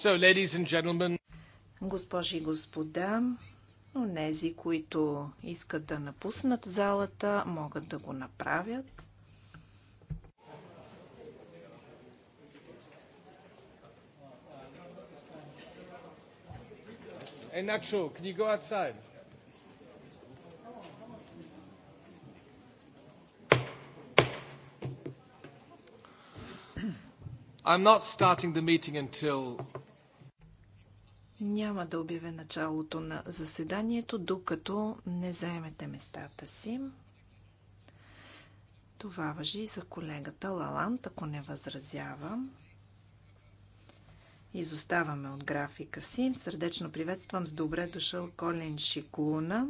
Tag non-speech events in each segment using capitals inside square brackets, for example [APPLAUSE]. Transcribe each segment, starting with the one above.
So, ladies and gentlemen... Госпожи и господа, онези, които искат да напуснат залата, могат да го направят. Hey, Nacho, can you go outside? I'm not starting the meeting until няма да обявя началото на заседанието, докато не заемете местата си. Това въжи и за колегата Лаланд, ако не възразява. Изоставаме от графика си. Сърдечно приветствам с добре дошъл Колин Шиклуна,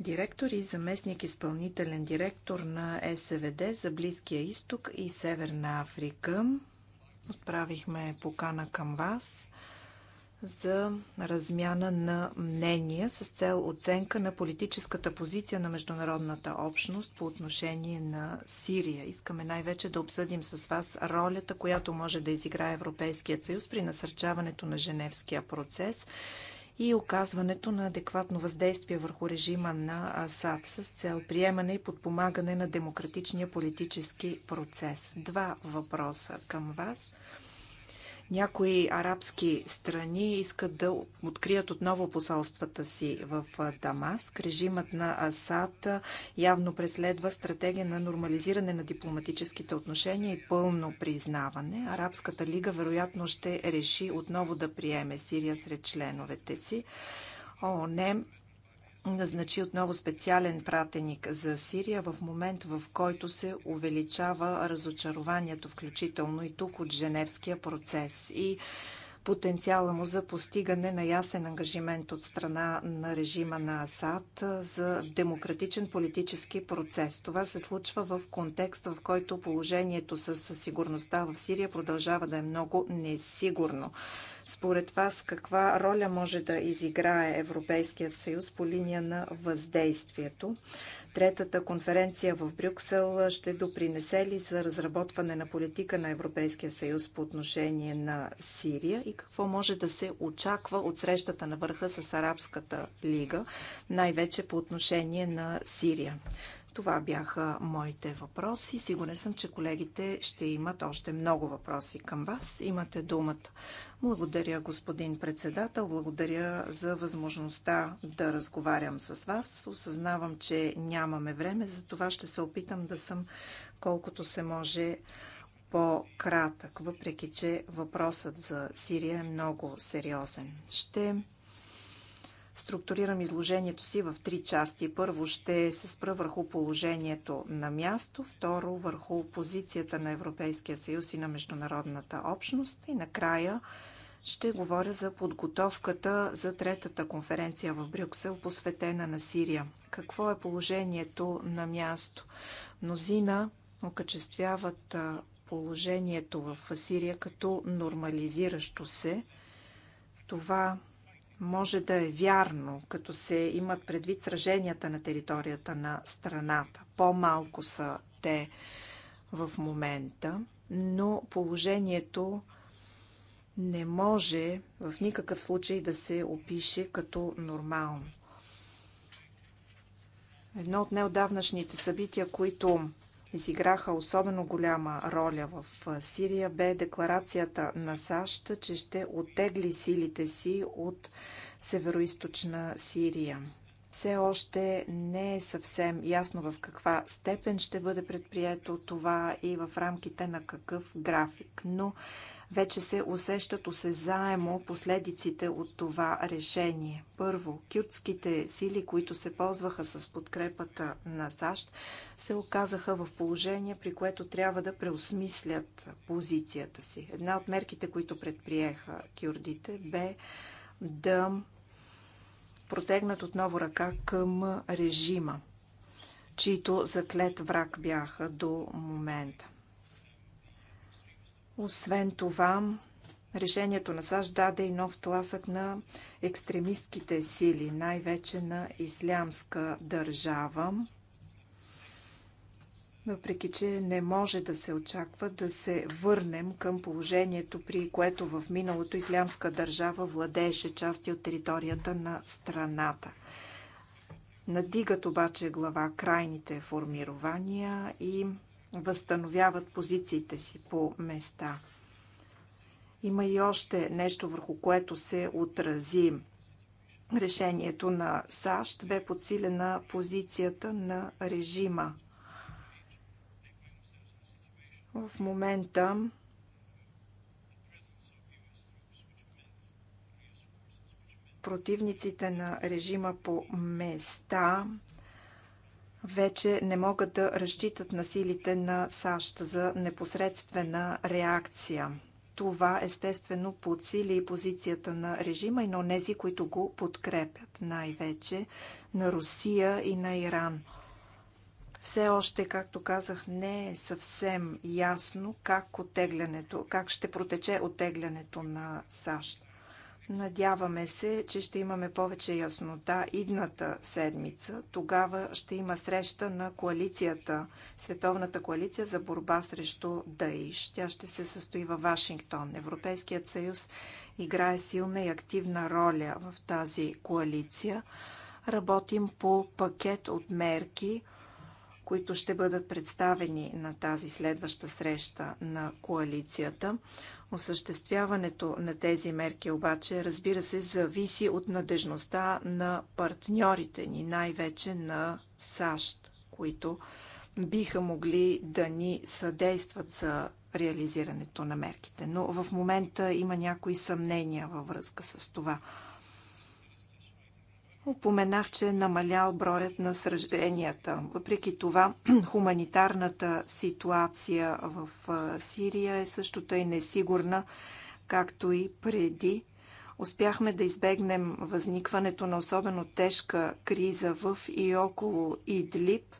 директор и заместник изпълнителен директор на СВД за Близкия изток и Северна Африка. Отправихме покана към вас – за размяна на мнения с цел оценка на политическата позиция на международната общност по отношение на Сирия. Искаме най-вече да обсъдим с вас ролята, която може да изиграе Европейският съюз при насърчаването на Женевския процес и оказването на адекватно въздействие върху режима на Асад с цел приемане и подпомагане на демократичния политически процес. Два въпроса към вас – някои арабски страни искат да открият отново посолствата си в Дамаск. Режимът на Асад явно преследва стратегия на нормализиране на дипломатическите отношения и пълно признаване. Арабската лига вероятно ще реши отново да приеме Сирия сред членовете си. ООН назначи отново специален пратеник за Сирия в момент, в който се увеличава разочарованието, включително и тук от Женевския процес и потенциала му за постигане на ясен ангажимент от страна на режима на Асад за демократичен политически процес. Това се случва в контекст, в който положението със сигурността в Сирия продължава да е много несигурно. Според вас каква роля може да изиграе Европейският съюз по линия на въздействието? Третата конференция в Брюксел ще допринесе ли за разработване на политика на Европейския съюз по отношение на Сирия и какво може да се очаква от срещата на върха с Арабската лига, най-вече по отношение на Сирия? Това бяха моите въпроси. Сигурен съм, че колегите ще имат още много въпроси към вас. Имате думата. Благодаря, господин председател. Благодаря за възможността да разговарям с вас. Осъзнавам, че нямаме време, за това ще се опитам да съм колкото се може по-кратък, въпреки че въпросът за Сирия е много сериозен. Ще структурирам изложението си в три части. Първо ще се спра върху положението на място, второ върху позицията на Европейския съюз и на международната общност и накрая ще говоря за подготовката за третата конференция в Брюксел, посветена на Сирия. Какво е положението на място? Мнозина окачествяват положението в Сирия като нормализиращо се. Това може да е вярно, като се имат предвид сраженията на територията на страната. По-малко са те в момента, но положението не може в никакъв случай да се опише като нормално. Едно от неодавнашните събития, които изиграха особено голяма роля в Сирия, бе декларацията на САЩ, че ще оттегли силите си от североизточна Сирия. Все още не е съвсем ясно в каква степен ще бъде предприето това и в рамките на какъв график, но вече се усещат осезаемо последиците от това решение. Първо, кюртските сили, които се ползваха с подкрепата на САЩ, се оказаха в положение, при което трябва да преосмислят позицията си. Една от мерките, които предприеха кюрдите, бе да протегнат отново ръка към режима, чието заклет враг бяха до момента. Освен това, решението на САЩ даде и нов тласък на екстремистките сили, най-вече на ислямска държава въпреки че не може да се очаква да се върнем към положението, при което в миналото Ислямска държава владееше части от територията на страната. Надигат обаче глава крайните формирования и възстановяват позициите си по места. Има и още нещо, върху което се отрази решението на САЩ. Бе подсилена позицията на режима. В момента противниците на режима по места вече не могат да разчитат на силите на САЩ за непосредствена реакция. Това естествено подсили и позицията на режима и на тези, които го подкрепят, най-вече на Русия и на Иран. Все още, както казах, не е съвсем ясно как, как ще протече оттеглянето на САЩ. Надяваме се, че ще имаме повече яснота идната седмица. Тогава ще има среща на коалицията, Световната коалиция за борба срещу Даиш. Тя ще се състои във Вашингтон. Европейският съюз играе силна и активна роля в тази коалиция. Работим по пакет от мерки, които ще бъдат представени на тази следваща среща на коалицията. Осъществяването на тези мерки обаче, разбира се, зависи от надежността на партньорите ни, най-вече на САЩ, които биха могли да ни съдействат за реализирането на мерките. Но в момента има някои съмнения във връзка с това. Упоменах, че е намалял броят на сраженията. Въпреки това, [CLEARS THROAT] хуманитарната ситуация в Сирия е също и несигурна, както и преди. Успяхме да избегнем възникването на особено тежка криза в и около Идлиб,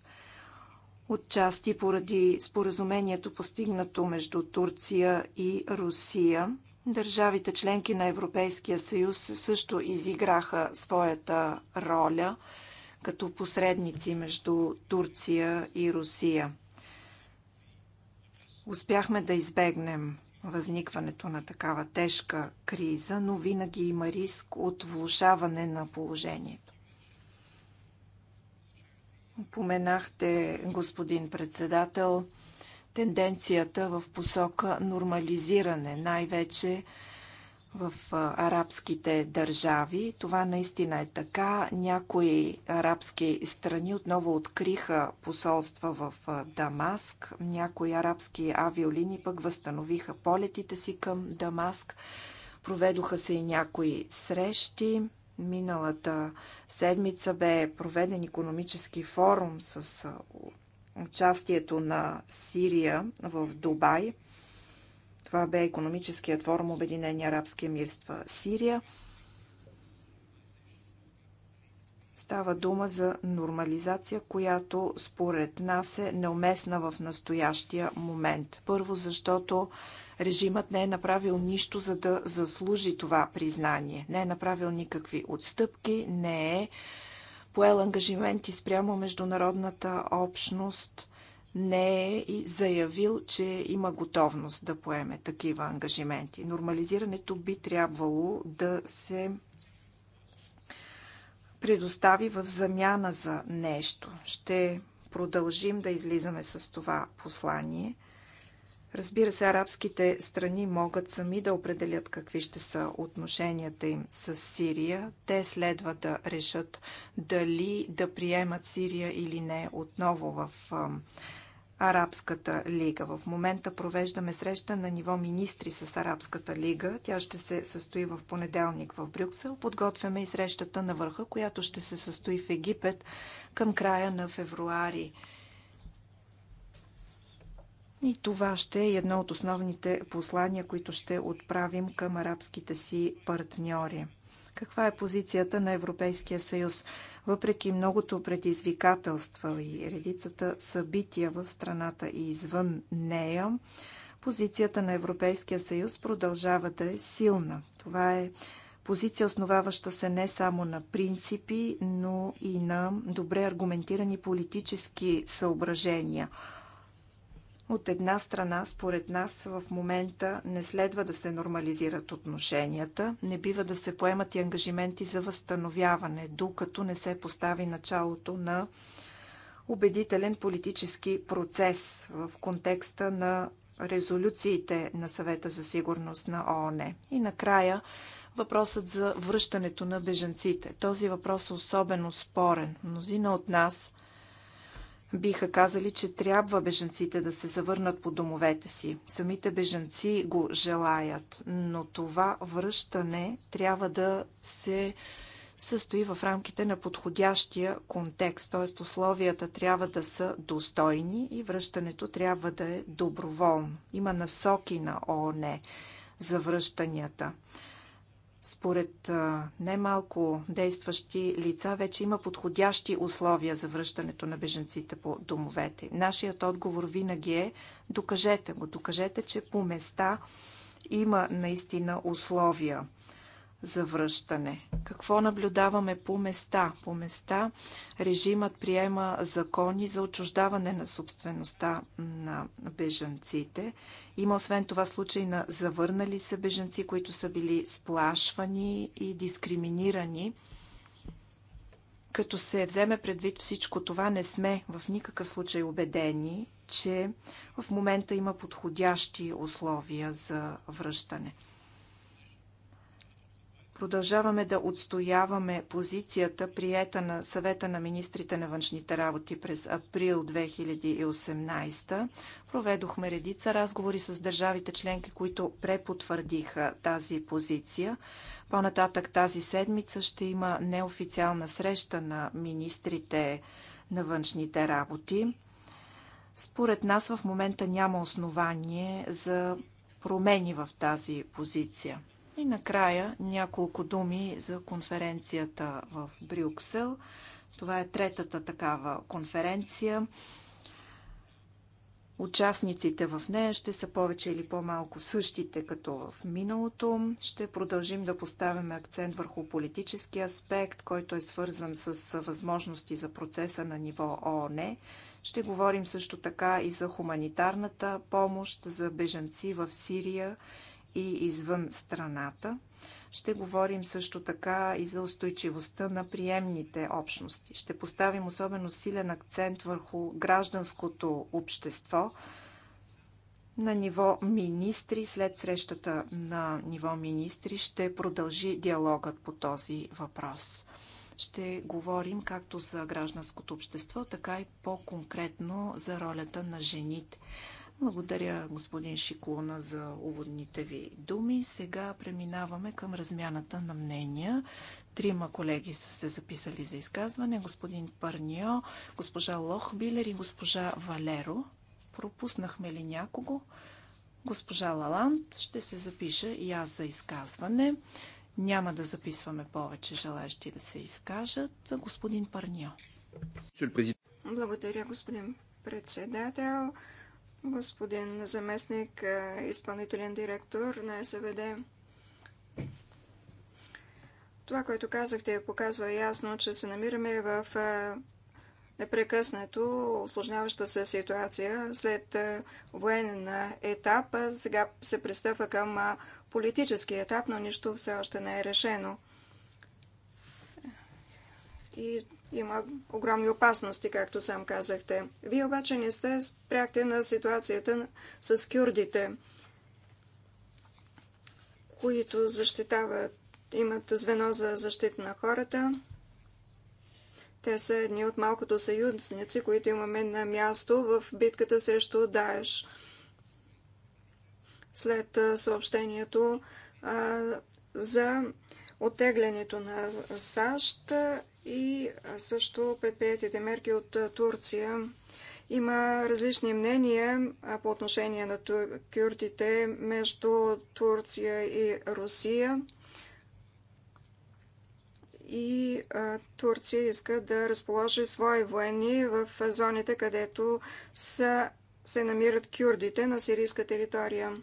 отчасти поради споразумението постигнато между Турция и Русия – Държавите членки на Европейския съюз също изиграха своята роля като посредници между Турция и Русия. Успяхме да избегнем възникването на такава тежка криза, но винаги има риск от влушаване на положението. Поменахте, господин председател, тенденцията в посока нормализиране, най-вече в арабските държави. Това наистина е така. Някои арабски страни отново откриха посолства в Дамаск. Някои арабски авиолини пък възстановиха полетите си към Дамаск. Проведоха се и някои срещи. Миналата седмица бе проведен економически форум с участието на Сирия в Дубай. Това бе економическият форум Обединени арабски емирства Сирия. Става дума за нормализация, която според нас е неуместна в настоящия момент. Първо, защото режимът не е направил нищо, за да заслужи това признание. Не е направил никакви отстъпки, не е поел ангажименти спрямо международната общност, не е и заявил, че има готовност да поеме такива ангажименти. Нормализирането би трябвало да се предостави в замяна за нещо. Ще продължим да излизаме с това послание. Разбира се, арабските страни могат сами да определят какви ще са отношенията им с Сирия. Те следва да решат дали да приемат Сирия или не отново в Арабската лига. В момента провеждаме среща на ниво министри с Арабската лига. Тя ще се състои в понеделник в Брюксел. Подготвяме и срещата на върха, която ще се състои в Египет към края на февруари и това ще е едно от основните послания, които ще отправим към арабските си партньори. Каква е позицията на Европейския съюз? Въпреки многото предизвикателства и редицата събития в страната и извън нея, позицията на Европейския съюз продължава да е силна. Това е позиция, основаваща се не само на принципи, но и на добре аргументирани политически съображения – от една страна, според нас в момента не следва да се нормализират отношенията, не бива да се поемат и ангажименти за възстановяване, докато не се постави началото на убедителен политически процес в контекста на резолюциите на съвета за сигурност на ООН. И накрая въпросът за връщането на бежанците. Този въпрос е особено спорен. Мнозина от нас – биха казали, че трябва бежанците да се завърнат по домовете си. Самите бежанци го желаят, но това връщане трябва да се състои в рамките на подходящия контекст, т.е. условията трябва да са достойни и връщането трябва да е доброволно. Има насоки на ООН за връщанията. Според немалко действащи лица вече има подходящи условия за връщането на беженците по домовете. Нашият отговор винаги е докажете го, докажете, че по места има наистина условия за връщане. Какво наблюдаваме по места? По места режимът приема закони за отчуждаване на собствеността на бежанците. Има освен това случай на завърнали се бежанци, които са били сплашвани и дискриминирани. Като се вземе предвид всичко това, не сме в никакъв случай убедени, че в момента има подходящи условия за връщане. Продължаваме да отстояваме позицията, приета на съвета на министрите на външните работи през април 2018. Проведохме редица разговори с държавите членки, които препотвърдиха тази позиция. По-нататък тази седмица ще има неофициална среща на министрите на външните работи. Според нас в момента няма основание за промени в тази позиция. И накрая няколко думи за конференцията в Брюксел. Това е третата такава конференция. Участниците в нея ще са повече или по-малко същите, като в миналото. Ще продължим да поставяме акцент върху политически аспект, който е свързан с възможности за процеса на ниво ООН. Ще говорим също така и за хуманитарната помощ за бежанци в Сирия и извън страната. Ще говорим също така и за устойчивостта на приемните общности. Ще поставим особено силен акцент върху гражданското общество на ниво министри. След срещата на ниво министри ще продължи диалогът по този въпрос. Ще говорим както за гражданското общество, така и по-конкретно за ролята на жените. Благодаря, господин Шиклуна, за уводните ви думи. Сега преминаваме към размяната на мнения. Трима колеги са се записали за изказване. Господин Парнио, госпожа Лохбилер и госпожа Валеро. Пропуснахме ли някого? Госпожа Лаланд ще се запиша и аз за изказване. Няма да записваме повече желаящи да се изкажат. Господин Парнио. Благодаря, господин председател господин заместник е, изпълнителен директор на СВД. Това, което казахте, показва ясно, че се намираме в е, непрекъснато осложняваща се ситуация. След е, военен етап, сега се пристъпва към политически етап, но нищо все още не е решено. И има огромни опасности, както сам казахте. Вие обаче не сте спряхте на ситуацията с кюрдите, които защитават, имат звено за защита на хората. Те са едни от малкото съюзници, които имаме на място в битката срещу Даеш. След съобщението а, за оттеглянето на САЩ и също предприятите мерки от Турция. Има различни мнения по отношение на кюртите между Турция и Русия. И Турция иска да разположи свои военни в зоните, където са, се намират кюрдите на сирийска територия.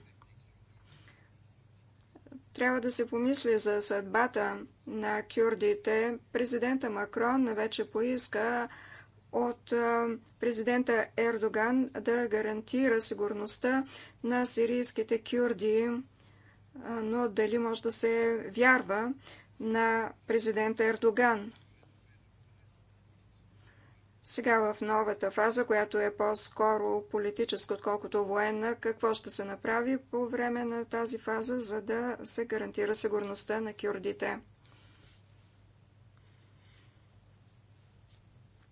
Трябва да се помисли за съдбата на кюрдите. Президента Макрон вече поиска от президента Ердоган да гарантира сигурността на сирийските кюрди, но дали може да се вярва на президента Ердоган? Сега в новата фаза, която е по-скоро политическа, отколкото военна, какво ще се направи по време на тази фаза, за да се гарантира сигурността на кюрдите?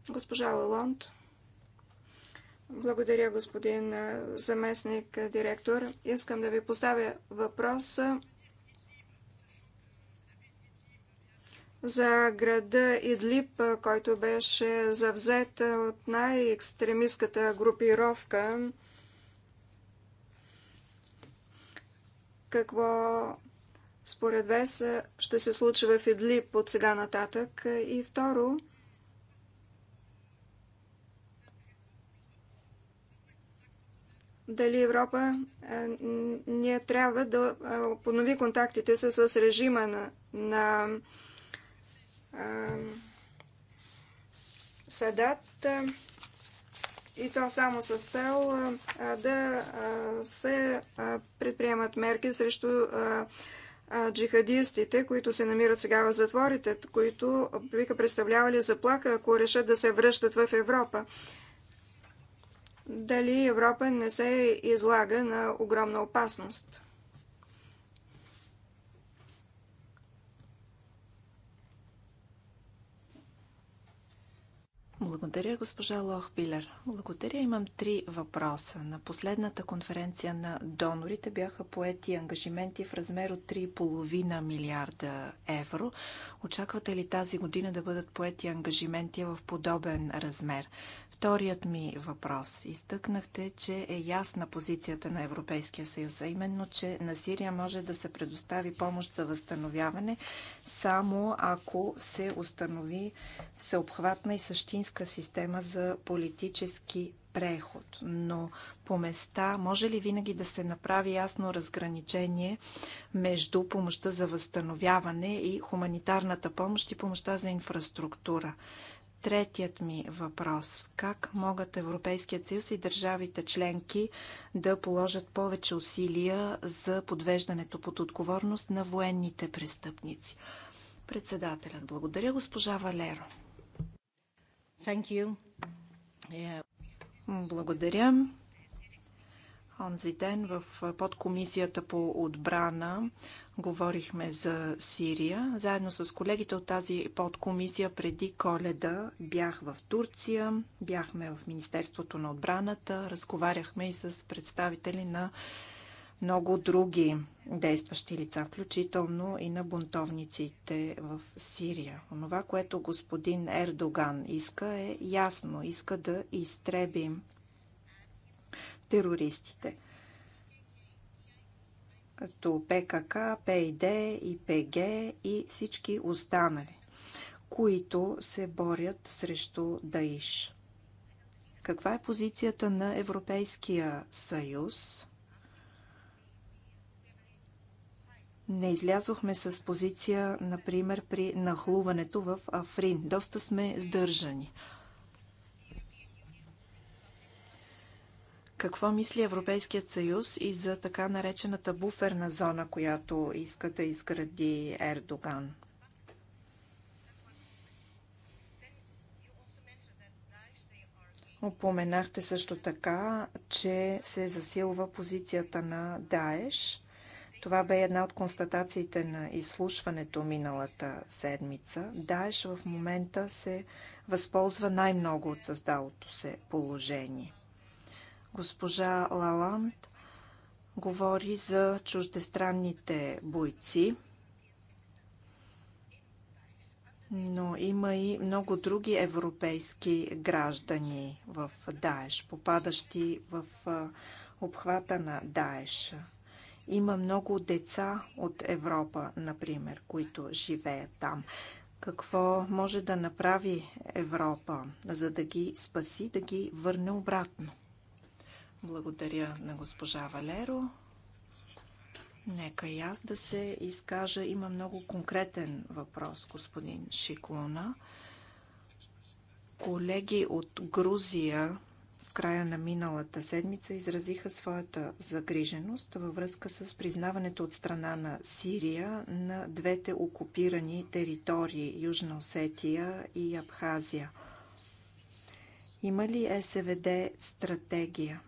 Госпожа Лалонт. Благодаря, господин заместник директор. Искам да ви поставя въпроса за града Идлип, който беше завзет от най-екстремистката групировка. Какво според вас ще се случи в Идлип от сега нататък? И второ, дали Европа не трябва да понови контактите с режима на, на съдат и то само с цел да се предприемат мерки срещу джихадистите, които се намират сега в затворите, които биха представлявали заплаха, ако решат да се връщат в Европа. Дали Европа не се излага на огромна опасност? Благодаря, госпожа Лохпилер. Благодаря. Имам три въпроса. На последната конференция на донорите бяха поети ангажименти в размер от 3,5 милиарда евро. Очаквате ли тази година да бъдат поети ангажименти в подобен размер? Вторият ми въпрос. Изтъкнахте, че е ясна позицията на Европейския съюз, а именно, че на Сирия може да се предостави помощ за възстановяване само ако се установи всеобхватна и същинска система за политически преход. Но по места може ли винаги да се направи ясно разграничение между помощта за възстановяване и хуманитарната помощ и помощта за инфраструктура? Третият ми въпрос. Как могат Европейският съюз и държавите членки да положат повече усилия за подвеждането под отговорност на военните престъпници? Председателят. Благодаря, госпожа Валеро. Thank you. Yeah. Благодаря. Онзи ден в подкомисията по отбрана говорихме за Сирия. Заедно с колегите от тази подкомисия преди коледа бях в Турция, бяхме в Министерството на отбраната, разговаряхме и с представители на много други действащи лица, включително и на бунтовниците в Сирия. Онова, което господин Ердоган иска е ясно. Иска да изтреби терористите, като ПКК, ПИД, ИПГ и всички останали, които се борят срещу Даиш. Каква е позицията на Европейския съюз? Не излязохме с позиция, например, при нахлуването в Африн. Доста сме сдържани. Какво мисли Европейският съюз и за така наречената буферна зона, която иска да изгради Ердоган? Опоменахте също така, че се засилва позицията на Даеш. Това бе една от констатациите на изслушването миналата седмица. Даеш в момента се възползва най-много от създалото се положение. Госпожа Лаланд говори за чуждестранните бойци, но има и много други европейски граждани в Даеш, попадащи в обхвата на Даеш. Има много деца от Европа, например, които живеят там. Какво може да направи Европа, за да ги спаси, да ги върне обратно? Благодаря на госпожа Валеро. Нека и аз да се изкажа. Има много конкретен въпрос, господин Шиклона. Колеги от Грузия в края на миналата седмица изразиха своята загриженост във връзка с признаването от страна на Сирия на двете окупирани територии Южна Осетия и Абхазия. Има ли СВД стратегия?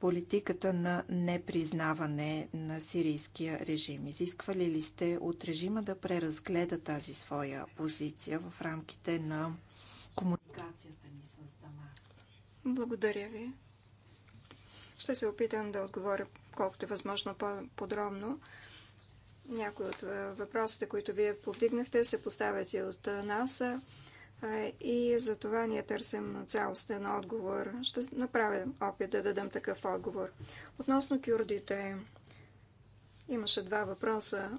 политиката на непризнаване на сирийския режим? Изисквали ли сте от режима да преразгледа тази своя позиция в рамките на комуникацията ни с Дамаск? Благодаря ви. Ще се опитам да отговоря колкото е възможно по-подробно. Някои от въпросите, които вие повдигнахте, се поставят и от нас и за това ние търсим цялостен отговор. Ще направя опит да дадам такъв отговор. Относно кюрдите, имаше два въпроса,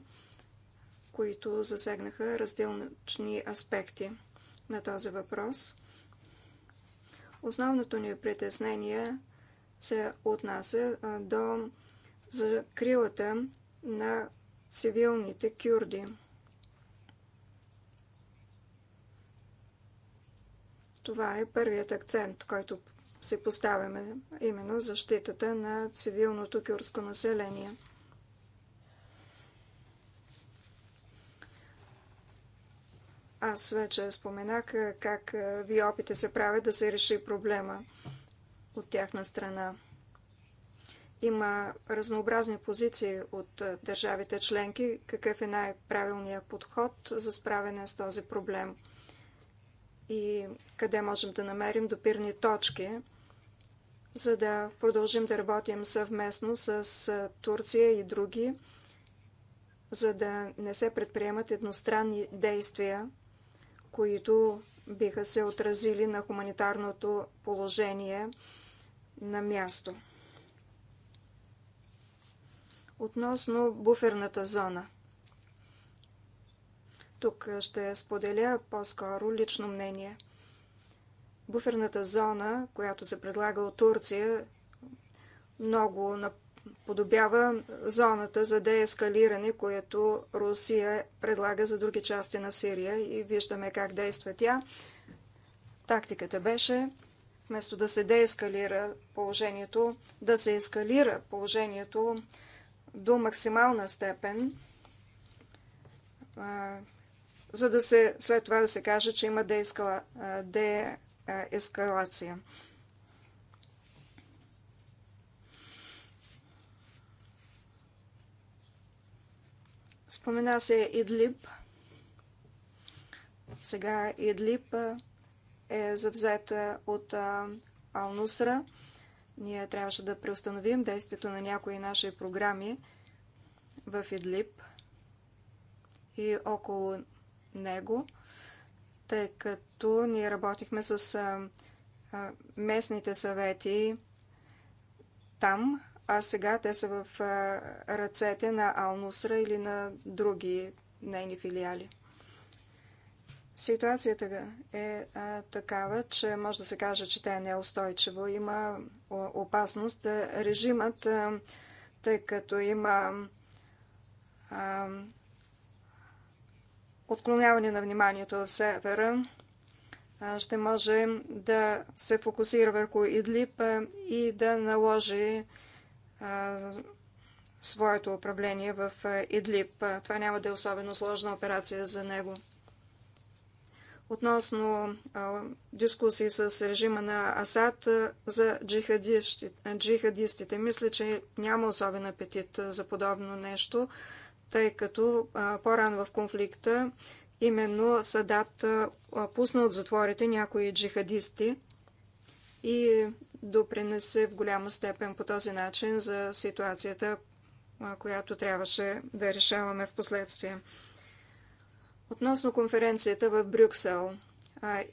които засегнаха разделни аспекти на този въпрос. Основното ни притеснение се отнася до закрилата на цивилните кюрди – Това е първият акцент, който се поставяме, именно защитата на цивилното кюрско население. Аз вече споменах как ви опите се правят да се реши проблема от тяхна страна. Има разнообразни позиции от държавите членки, какъв е най-правилният подход за справяне с този проблем – и къде можем да намерим допирни точки, за да продължим да работим съвместно с Турция и други, за да не се предприемат едностранни действия, които биха се отразили на хуманитарното положение на място. Относно буферната зона – тук ще споделя по-скоро лично мнение. Буферната зона, която се предлага от Турция, много подобява зоната за деескалиране, което Русия предлага за други части на Сирия и виждаме как действа тя. Тактиката беше, вместо да се деескалира положението, да се ескалира положението до максимална степен – за да се, след това да се каже, че има деескала, деескалация. Спомена се Идлиб. Сега Идлиб е завзета от Алнусра. Ние трябваше да преустановим действието на някои наши програми в Идлиб и около него, тъй като ние работихме с местните съвети там, а сега те са в ръцете на Алнусра или на други нейни филиали. Ситуацията е а, такава, че може да се каже, че тя е неустойчива. Има опасност режимът, а, тъй като има а, отклоняване на вниманието в севера ще може да се фокусира върху Идлип и да наложи своето управление в Идлип. Това няма да е особено сложна операция за него. Относно дискусии с режима на Асад за джихадистите, мисля, че няма особен апетит за подобно нещо тъй като по-рано в конфликта именно Садат пусна от затворите някои джихадисти и допринесе в голяма степен по този начин за ситуацията, която трябваше да решаваме в последствие. Относно конференцията в Брюксел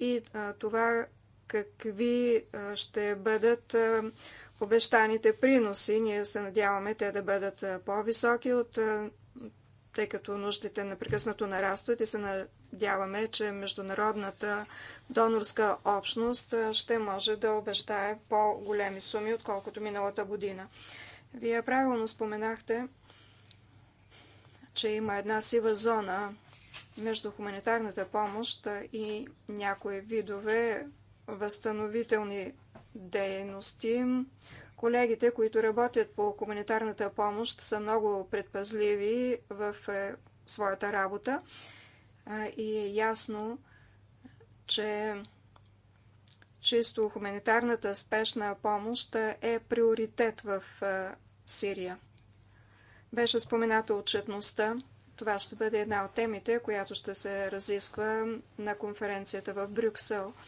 и това какви ще бъдат обещаните приноси, ние се надяваме те да бъдат по-високи от тъй като нуждите непрекъснато нарастват и се надяваме, че международната донорска общност ще може да обещае по-големи суми, отколкото миналата година. Вие правилно споменахте, че има една сива зона между хуманитарната помощ и някои видове възстановителни дейности, Колегите, които работят по хуманитарната помощ, са много предпазливи в е, своята работа и е ясно, че чисто хуманитарната спешна помощ е приоритет в е, Сирия. Беше спомената отчетността. Това ще бъде една от темите, която ще се разисква на конференцията в Брюксел –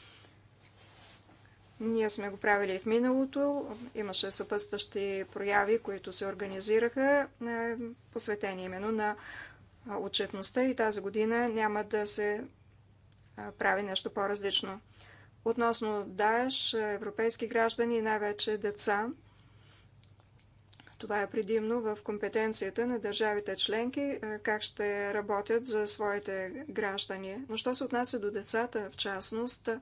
ние сме го правили и в миналото. Имаше съпътстващи прояви, които се организираха, е, посветени именно на отчетността и тази година няма да се прави нещо по-различно. Относно Даеш, европейски граждани и най-вече деца, това е предимно в компетенцията на държавите членки, е, как ще работят за своите граждани. Но що се отнася до децата, в частност, е,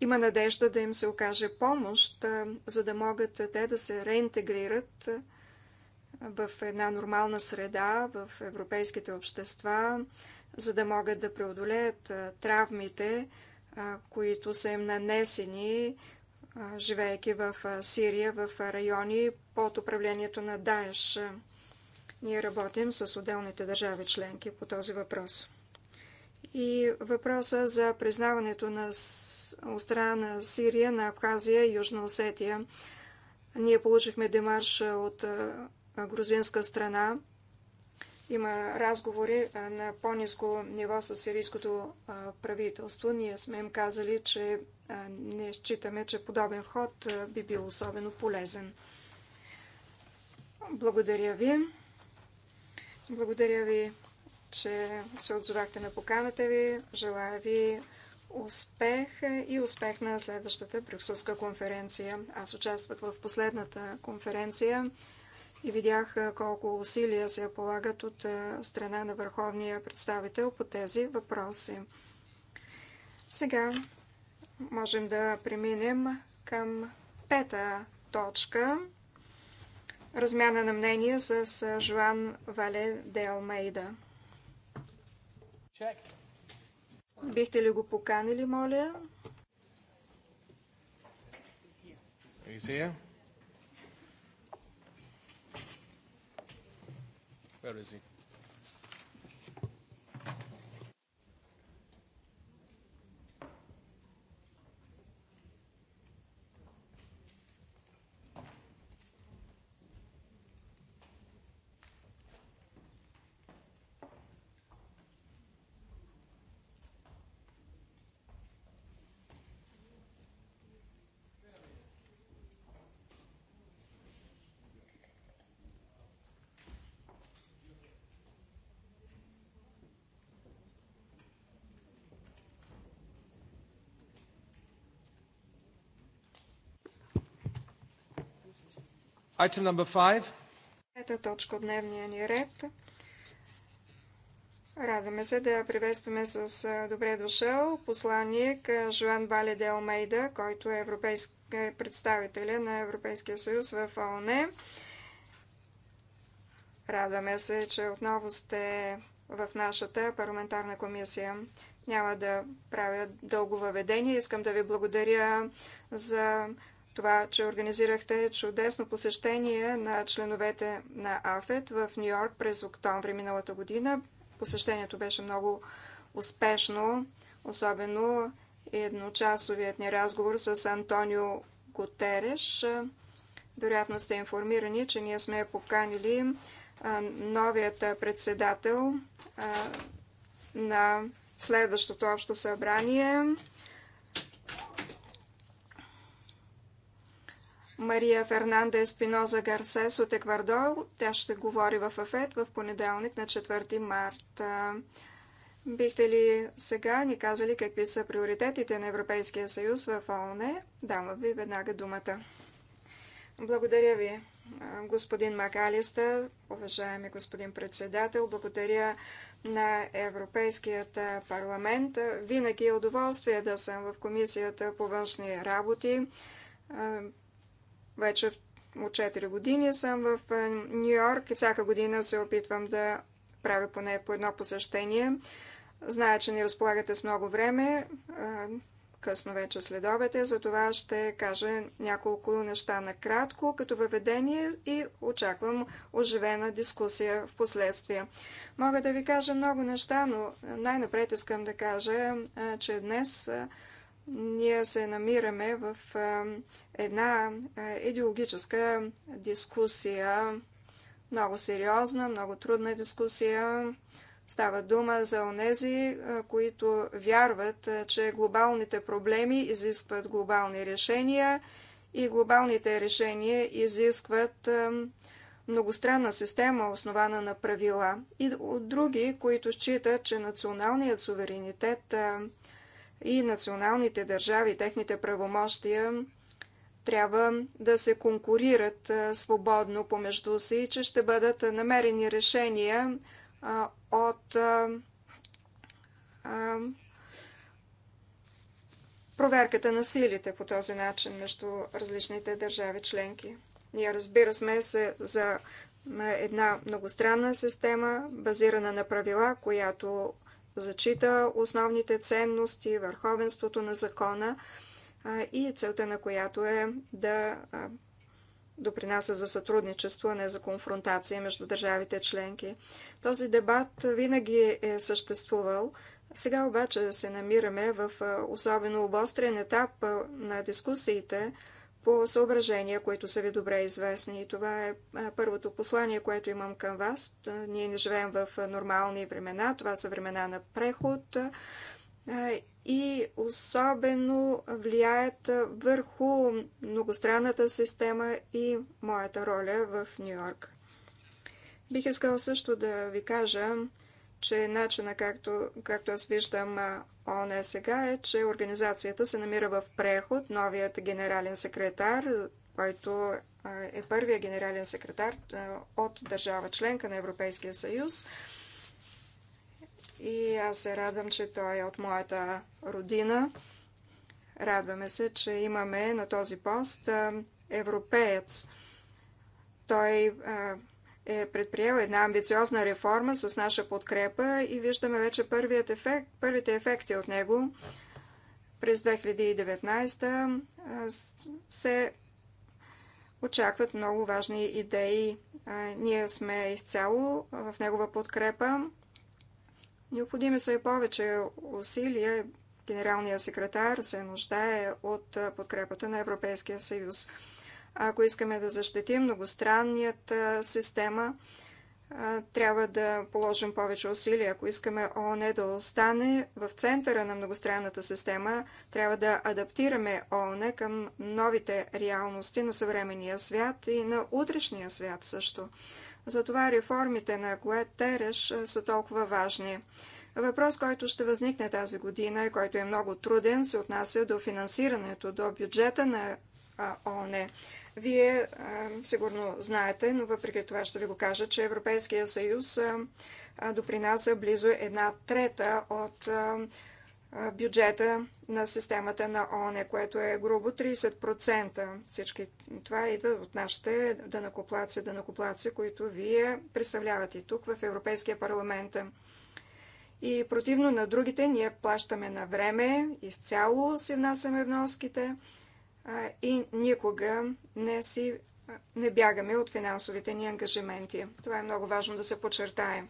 има надежда да им се окаже помощ, за да могат те да се реинтегрират в една нормална среда, в европейските общества, за да могат да преодолеят травмите, които са им нанесени, живеейки в Сирия, в райони под управлението на Даеш. Ние работим с отделните държави членки по този въпрос и въпроса за признаването на страна на Сирия, на Абхазия и Южна Осетия. Ние получихме демарш от грузинска страна. Има разговори на по-низко ниво с сирийското правителство. Ние сме им казали, че не считаме, че подобен ход би бил особено полезен. Благодаря ви. Благодаря ви, че се отзовахте на поканата ви. Желая ви успех и успех на следващата брюкселска конференция. Аз участвах в последната конференция и видях колко усилия се полагат от страна на върховния представител по тези въпроси. Сега можем да преминем към пета точка. Размяна на мнение с Жуан Вале де Алмейда. Бихте ли го поканили, моля? He's here. Where is he? Item number five. Пета точка от дневния ни ред. Радваме се да приветстваме с добре дошъл посланник Жоан Вале де Алмейда, който е европейски е представителя на Европейския съюз в ООН. Радваме се, че отново сте в нашата парламентарна комисия. Няма да правя дълго въведение. Искам да ви благодаря за това, че организирахте чудесно посещение на членовете на АФЕД в Нью Йорк през октомври миналата година. Посещението беше много успешно, особено едночасовият ни разговор с Антонио Готереш. Вероятно сте информирани, че ние сме поканили новият председател на следващото общо събрание Мария Фернанда Еспиноза Гарсес от Еквадор. Тя ще говори в АФЕТ в понеделник на 4 марта. Бихте ли сега ни казали какви са приоритетите на Европейския съюз в ООН? Дама ви веднага думата. Благодаря ви, господин Макалиста, уважаеми господин председател. Благодаря на Европейският парламент. Винаги е удоволствие да съм в Комисията по външни работи. Вече от 4 години съм в е, Нью Йорк и всяка година се опитвам да правя поне по едно посещение. Зная, че не разполагате с много време, е, късно вече след обед е, затова ще кажа няколко неща накратко, като въведение и очаквам оживена дискусия в последствие. Мога да ви кажа много неща, но най-напред искам да кажа, е, че днес ние се намираме в една идеологическа дискусия, много сериозна, много трудна дискусия. Става дума за онези, които вярват, че глобалните проблеми изискват глобални решения и глобалните решения изискват многостранна система, основана на правила. И от други, които считат, че националният суверенитет и националните държави, техните правомощия трябва да се конкурират свободно помежду си, че ще бъдат намерени решения от проверката на силите по този начин между различните държави членки. Ние разбира сме се за една многостранна система, базирана на правила, която зачита основните ценности, върховенството на закона и целта на която е да допринася за сътрудничество, а не за конфронтация между държавите членки. Този дебат винаги е съществувал. Сега обаче се намираме в особено обострен етап на дискусиите по съображения, които са ви добре известни. И това е първото послание, което имам към вас. Ние не живеем в нормални времена. Това са времена на преход и особено влияят върху многостранната система и моята роля в Нью Йорк. Бих искал също да ви кажа, че начина, както, както аз виждам ООН сега е, че организацията се намира в преход. Новият генерален секретар, който е първия генерален секретар от държава членка на Европейския съюз. И аз се радвам, че той е от моята родина. Радваме се, че имаме на този пост европеец. Той е предприел една амбициозна реформа с наша подкрепа и виждаме вече първият ефект, първите ефекти от него. През 2019 се очакват много важни идеи. Ние сме изцяло в негова подкрепа. Необходими са и повече усилия. Генералният секретар се нуждае от подкрепата на Европейския съюз. Ако искаме да защитим многостранният система, трябва да положим повече усилия. Ако искаме ООН да остане в центъра на многостранната система, трябва да адаптираме ООН към новите реалности на съвременния свят и на утрешния свят също. Затова реформите на Тереш са толкова важни. Въпрос, който ще възникне тази година и който е много труден, се отнася до финансирането, до бюджета на ООН. Вие а, сигурно знаете, но въпреки това ще ви го кажа, че Европейския съюз а, допринася близо една трета от а, бюджета на системата на ООН, което е грубо 30%. Всички това идва от нашите данакоплаци, данакоплаци, които вие представлявате тук в Европейския парламент. И противно на другите, ние плащаме на време, изцяло си внасяме вноските – и никога не, си, не бягаме от финансовите ни ангажименти. Това е много важно да се подчертае.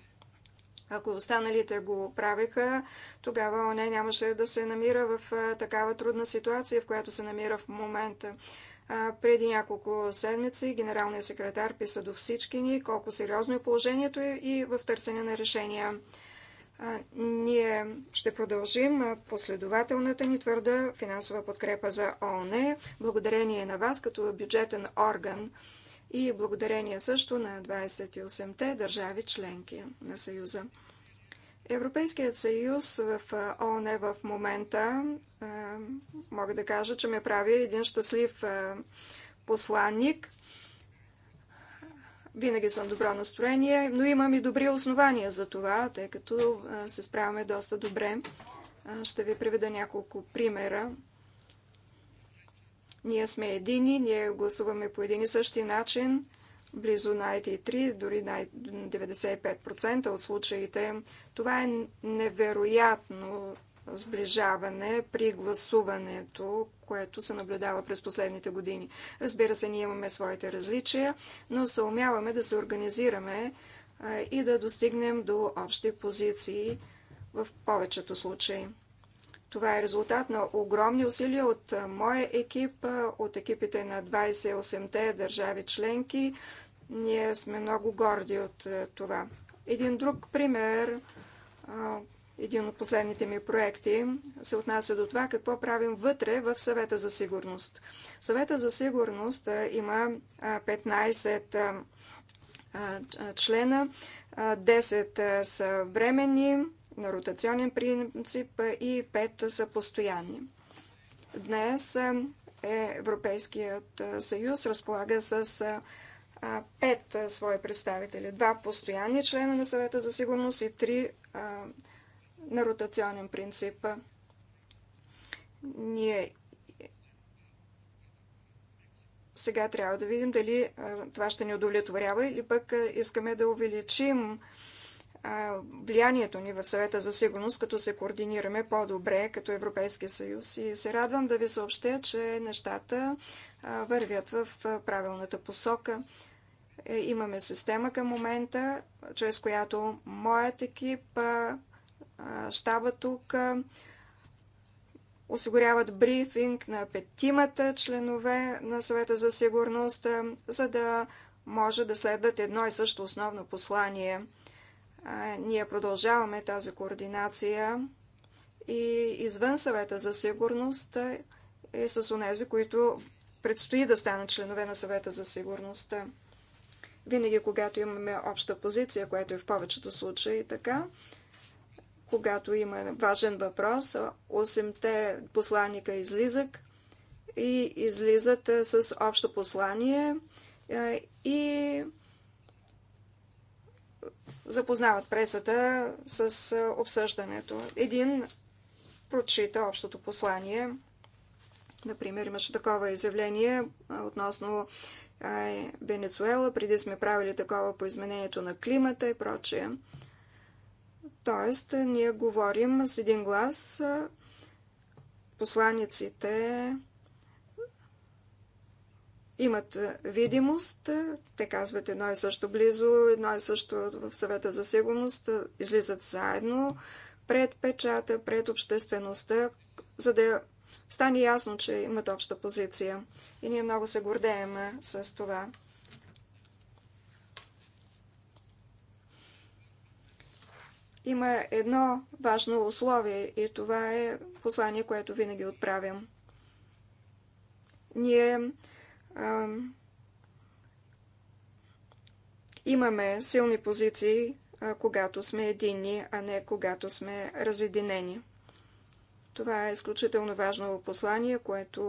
Ако останалите го правиха, тогава не нямаше да се намира в такава трудна ситуация, в която се намира в момента. Преди няколко седмици генералният секретар писа до всички ни колко сериозно е положението и в търсене на решения ние ще продължим последователната ни твърда финансова подкрепа за ООН, благодарение на вас като бюджетен орган и благодарение също на 28-те държави членки на Съюза. Европейският съюз в ООН е в момента мога да кажа, че ме прави един щастлив посланник, винаги съм добро настроение, но имам и добри основания за това, тъй като се справяме доста добре. Ще ви приведа няколко примера. Ние сме едини, ние гласуваме по един и същи начин. Близо на 93, дори на 95% от случаите. Това е невероятно сближаване при гласуването, което се наблюдава през последните години. Разбира се, ние имаме своите различия, но се умяваме да се организираме и да достигнем до общи позиции в повечето случаи. Това е резултат на огромни усилия от моя екип, от екипите на 28-те държави членки. Ние сме много горди от това. Един друг пример, един от последните ми проекти се отнася до това какво правим вътре в съвета за сигурност. Съвета за сигурност има 15 члена, 10 са временни, на ротационен принцип и 5 са постоянни. Днес Европейският съюз разполага с пет свои представители. Два постоянни члена на съвета за сигурност и три на ротационен принцип. Ние сега трябва да видим дали това ще ни удовлетворява или пък искаме да увеличим влиянието ни в съвета за сигурност, като се координираме по-добре като Европейски съюз. И се радвам да ви съобщя, че нещата вървят в правилната посока. Е, имаме система към момента, чрез която моят екип щаба тук осигуряват брифинг на петимата членове на съвета за сигурност, за да може да следват едно и също основно послание. Ние продължаваме тази координация и извън съвета за сигурност и с онези, които предстои да станат членове на съвета за сигурност. Винаги, когато имаме обща позиция, което е в повечето случаи така, когато има важен въпрос, осемте посланника излизат и излизат е, с общо послание е, и запознават пресата с е, обсъждането. Един прочита общото послание. Например, имаше такова изявление относно Венецуела, преди сме правили такова по изменението на климата и прочее. Тоест, ние говорим с един глас, посланиците имат видимост, те казват едно и също близо, едно и също в съвета за сигурност, излизат заедно пред печата, пред обществеността, за да стане ясно, че имат обща позиция. И ние много се гордеем с това. има едно важно условие и това е послание, което винаги отправям. Ние а, имаме силни позиции, а, когато сме единни, а не когато сме разединени. Това е изключително важно послание, което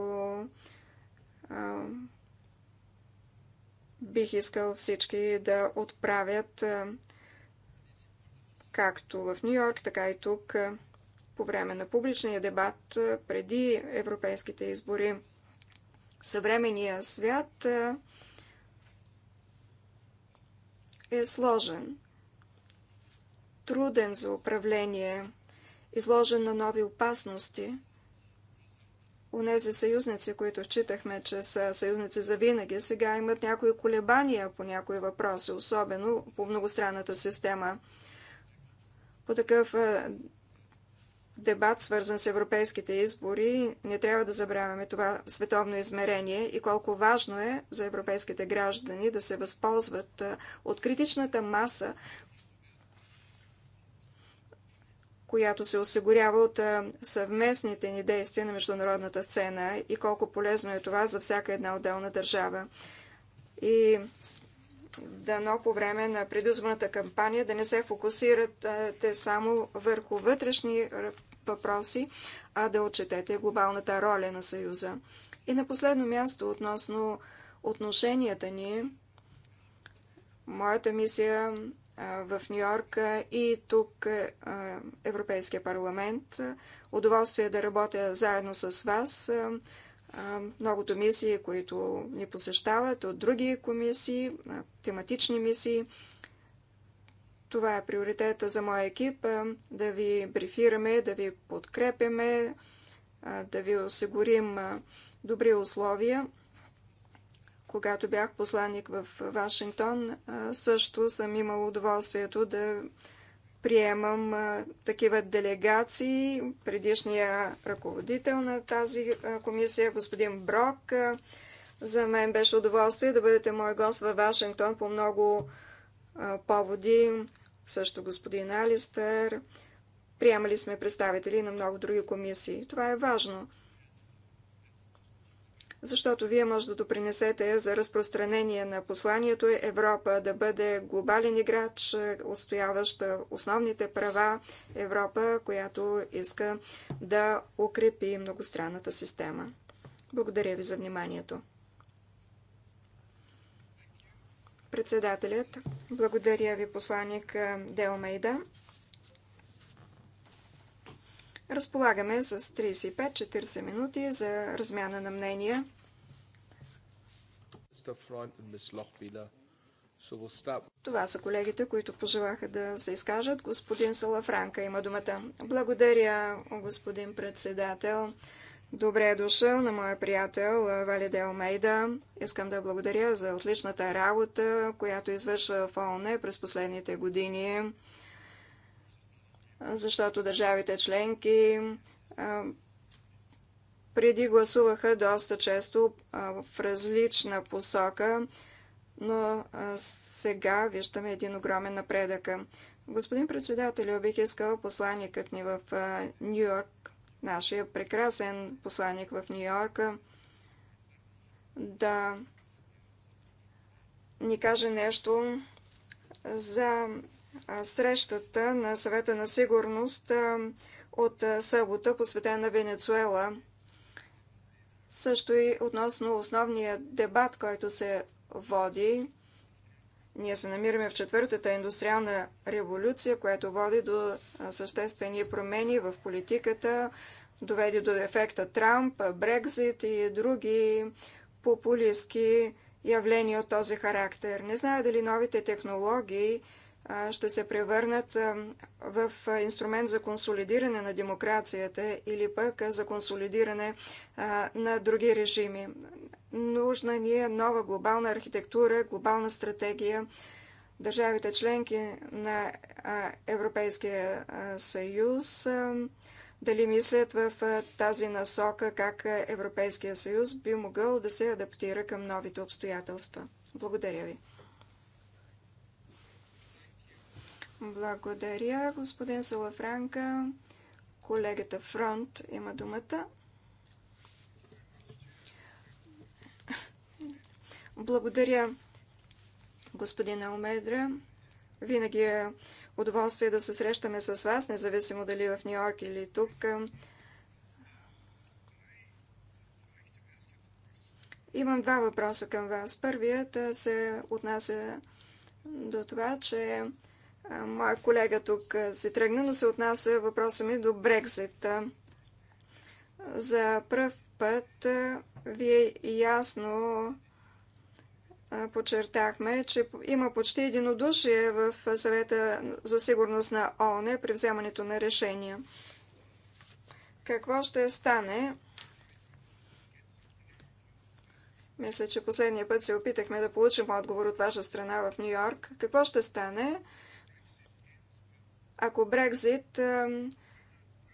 а, бих искал всички да отправят. А, както в Нью Йорк, така и тук по време на публичния дебат преди европейските избори. Съвременния свят е сложен, труден за управление, изложен на нови опасности. Унези съюзници, които считахме, че са съюзници за винаги, сега имат някои колебания по някои въпроси, особено по многостранната система – по такъв дебат, свързан с европейските избори, не трябва да забравяме това световно измерение и колко важно е за европейските граждани да се възползват от критичната маса, която се осигурява от съвместните ни действия на международната сцена и колко полезно е това за всяка една отделна държава. И дано по време на предизборната кампания да не се фокусират те само върху вътрешни въпроси, а да отчетете глобалната роля на Съюза. И на последно място, относно отношенията ни, моята мисия в Нью Йорк и тук Европейския парламент. Удоволствие да работя заедно с вас многото мисии, които ни посещават от други комисии, тематични мисии. Това е приоритета за моя екип да ви брифираме, да ви подкрепяме, да ви осигурим добри условия. Когато бях посланник в Вашингтон, също съм имала удоволствието да приемам а, такива делегации. Предишния ръководител на тази а, комисия, господин Брок, а, за мен беше удоволствие да бъдете мой гост във Вашингтон по много а, поводи. Също господин Алистър. Приемали сме представители на много други комисии. Това е важно защото вие може да допринесете за разпространение на посланието Европа да бъде глобален играч, отстояващ основните права Европа, която иска да укрепи многостранната система. Благодаря ви за вниманието. Председателят, благодаря ви посланник Делмейда. Разполагаме с 35-40 минути за размяна на мнения. Това са колегите, които пожелаха да се изкажат. Господин Салафранка има думата. Благодаря, господин председател. Добре е дошъл на моя приятел Валиде Алмейда. Искам да благодаря за отличната работа, която извършва в ООН през последните години защото държавите членки преди гласуваха доста често в различна посока, но сега виждаме един огромен напредък. Господин председател, бих искал посланникът ни в Нью Йорк, нашия прекрасен посланник в Нью Йорк, да ни каже нещо за срещата на съвета на сигурност от събота, посветена на Венецуела. Също и относно основния дебат, който се води. Ние се намираме в четвъртата индустриална революция, която води до съществени промени в политиката, доведе до ефекта Трамп, Брекзит и други популистски явления от този характер. Не знае дали новите технологии ще се превърнат в инструмент за консолидиране на демокрацията или пък за консолидиране на други режими. Нужна ни е нова глобална архитектура, глобална стратегия. Държавите членки на Европейския съюз дали мислят в тази насока как Европейския съюз би могъл да се адаптира към новите обстоятелства. Благодаря ви. Благодаря, господин Салафранка. Колегата Фронт има думата. Благодаря, господин Алмедра. Винаги е удоволствие да се срещаме с вас, независимо дали в Нью-Йорк или тук. Имам два въпроса към вас. Първият се отнася до това, че Моя колега тук се тръгна, но се отнася въпроса ми до Брекзита. За първ път вие ясно подчертахме, че има почти единодушие в съвета за сигурност на ООН при вземането на решения. Какво ще стане? Мисля, че последния път се опитахме да получим отговор от ваша страна в Нью Йорк. Какво ще стане? ако Брекзит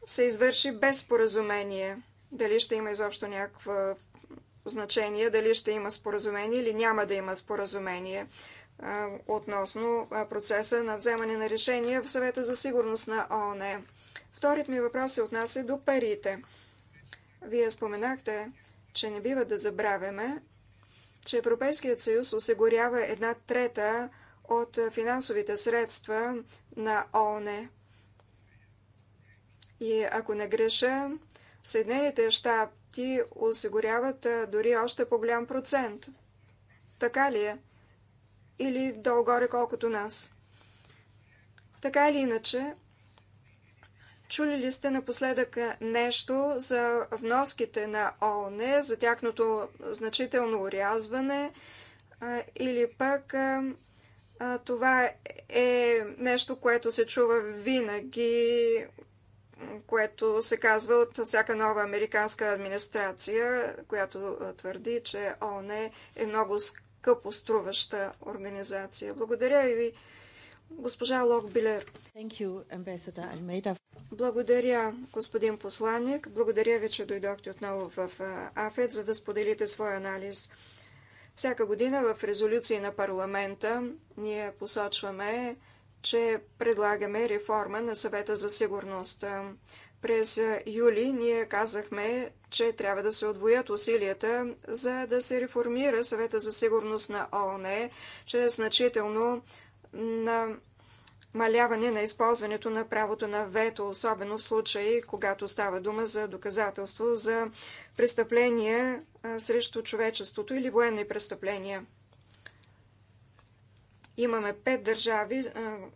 се извърши без споразумение. Дали ще има изобщо някакво значение, дали ще има споразумение или няма да има споразумение относно процеса на вземане на решения в съвета за сигурност на ООН. Вторият ми въпрос се отнася до парите. Вие споменахте, че не бива да забравяме, че Европейският съюз осигурява една трета от е, финансовите средства на ООН. И ако не греша, Съединените щати осигуряват е, дори още по-голям процент. Така ли е? Или долу-горе колкото нас? Така или иначе, чули ли сте напоследък е, нещо за вноските на ООН, за тяхното значително урязване или пък това е нещо, което се чува винаги, което се казва от всяка нова американска администрация, която твърди, че ООН е много скъпо струваща организация. Благодаря ви, госпожа Лок Билер. Благодаря, господин посланник. Благодаря ви, че дойдохте отново в АФЕД, за да споделите своя анализ. Всяка година в резолюции на парламента ние посочваме, че предлагаме реформа на съвета за сигурност. През юли ние казахме, че трябва да се отвоят усилията, за да се реформира съвета за сигурност на ООН чрез значително намаляване на използването на правото на вето, особено в случаи, когато става дума за доказателство за престъпление срещу човечеството или военни престъпления. Имаме пет държави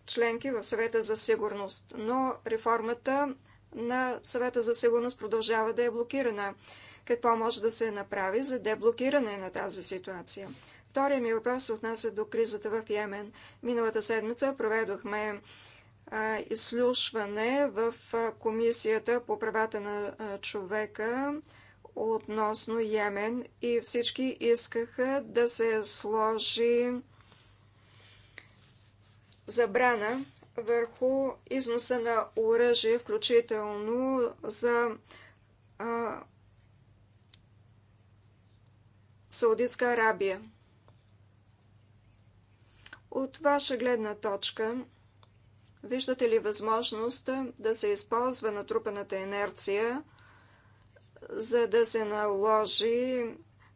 членки в съвета за сигурност, но реформата на съвета за сигурност продължава да е блокирана. Какво може да се направи за деблокиране на тази ситуация? Втория ми въпрос се отнася до кризата в Йемен. Миналата седмица проведохме изслушване в Комисията по правата на човека относно Йемен и всички искаха да се сложи забрана върху износа на оръжие, включително за а, Саудитска Арабия. От ваша гледна точка, виждате ли възможност да се използва натрупаната инерция – за да се наложи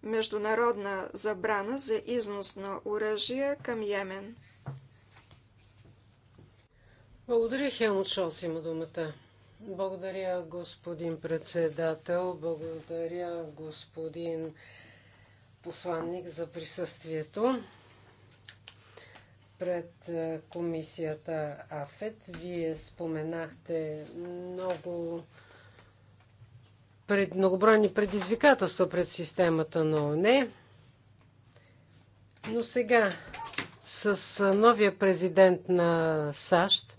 международна забрана за износ на оръжия към Йемен. Благодаря, Хелмут Шолц има думата. Благодаря, господин председател. Благодаря, господин посланник, за присъствието пред комисията АФЕТ. Вие споменахте много пред многобройни предизвикателства пред системата на ОНЕ. Но сега с новия президент на САЩ,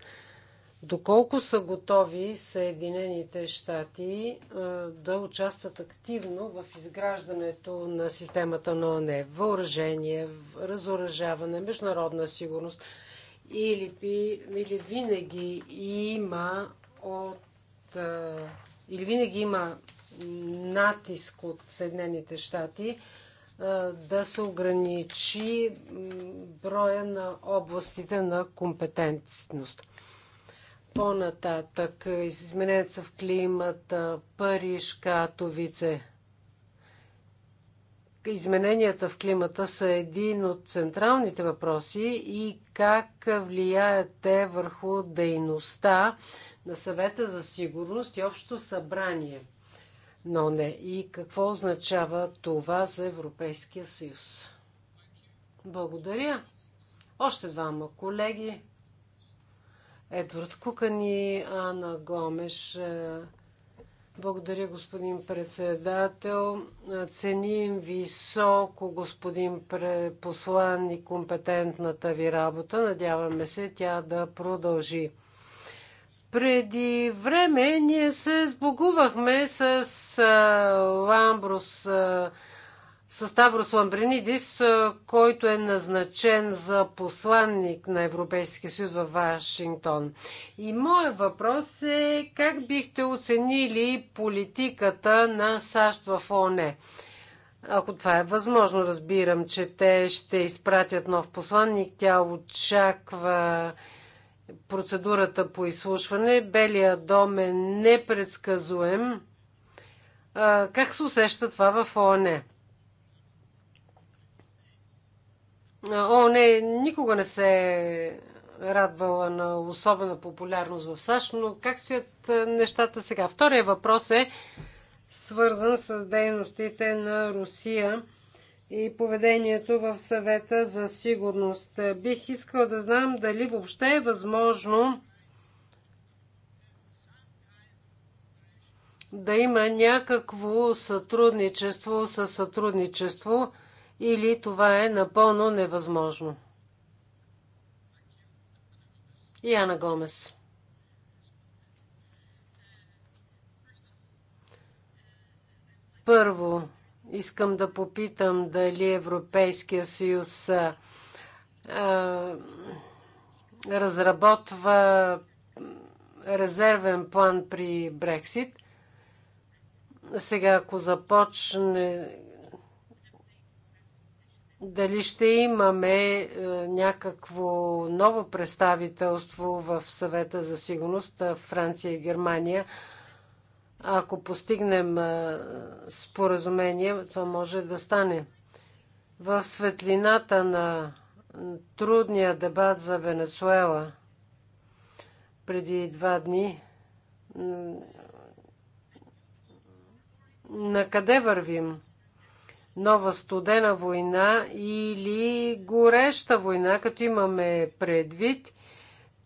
доколко са готови Съединените щати да участват активно в изграждането на системата на ОНЕ, въоръжение, разоръжаване, международна сигурност или, или винаги има от или винаги има натиск от Съединените щати да се ограничи броя на областите на компетентност. По-нататък измененията в климата, Париж, Катовице, измененията в климата са един от централните въпроси и как влияят те върху дейността на съвета за сигурност и общо събрание. Но не. И какво означава това за Европейския съюз? Благодаря. Още двама колеги. Едвард Кукани, Ана Гомеш. Благодаря, господин председател. Ценим високо, господин посланник, компетентната ви работа. Надяваме се тя да продължи. Преди време ние се сбогувахме с Ламбрус състав Руслан Бренидис, който е назначен за посланник на Европейския съюз в Вашингтон. И моят въпрос е как бихте оценили политиката на САЩ в ОНЕ? Ако това е възможно, разбирам, че те ще изпратят нов посланник. Тя очаква процедурата по изслушване. Белия дом е непредсказуем. Как се усеща това в ОНЕ? О, не, никога не се радвала на особена популярност в САЩ, но как стоят нещата сега? Втория въпрос е свързан с дейностите на Русия и поведението в съвета за сигурност. Бих искала да знам дали въобще е възможно да има някакво сътрудничество със сътрудничество или това е напълно невъзможно. Яна Гомес. Първо, искам да попитам дали Европейския съюз а, разработва резервен план при Брексит. Сега, ако започне дали ще имаме е, някакво ново представителство в съвета за сигурност е, Франция и Германия. Ако постигнем е, споразумение, това може да стане. В светлината на трудния дебат за Венесуела преди два дни, на къде вървим? нова студена война или гореща война, като имаме предвид,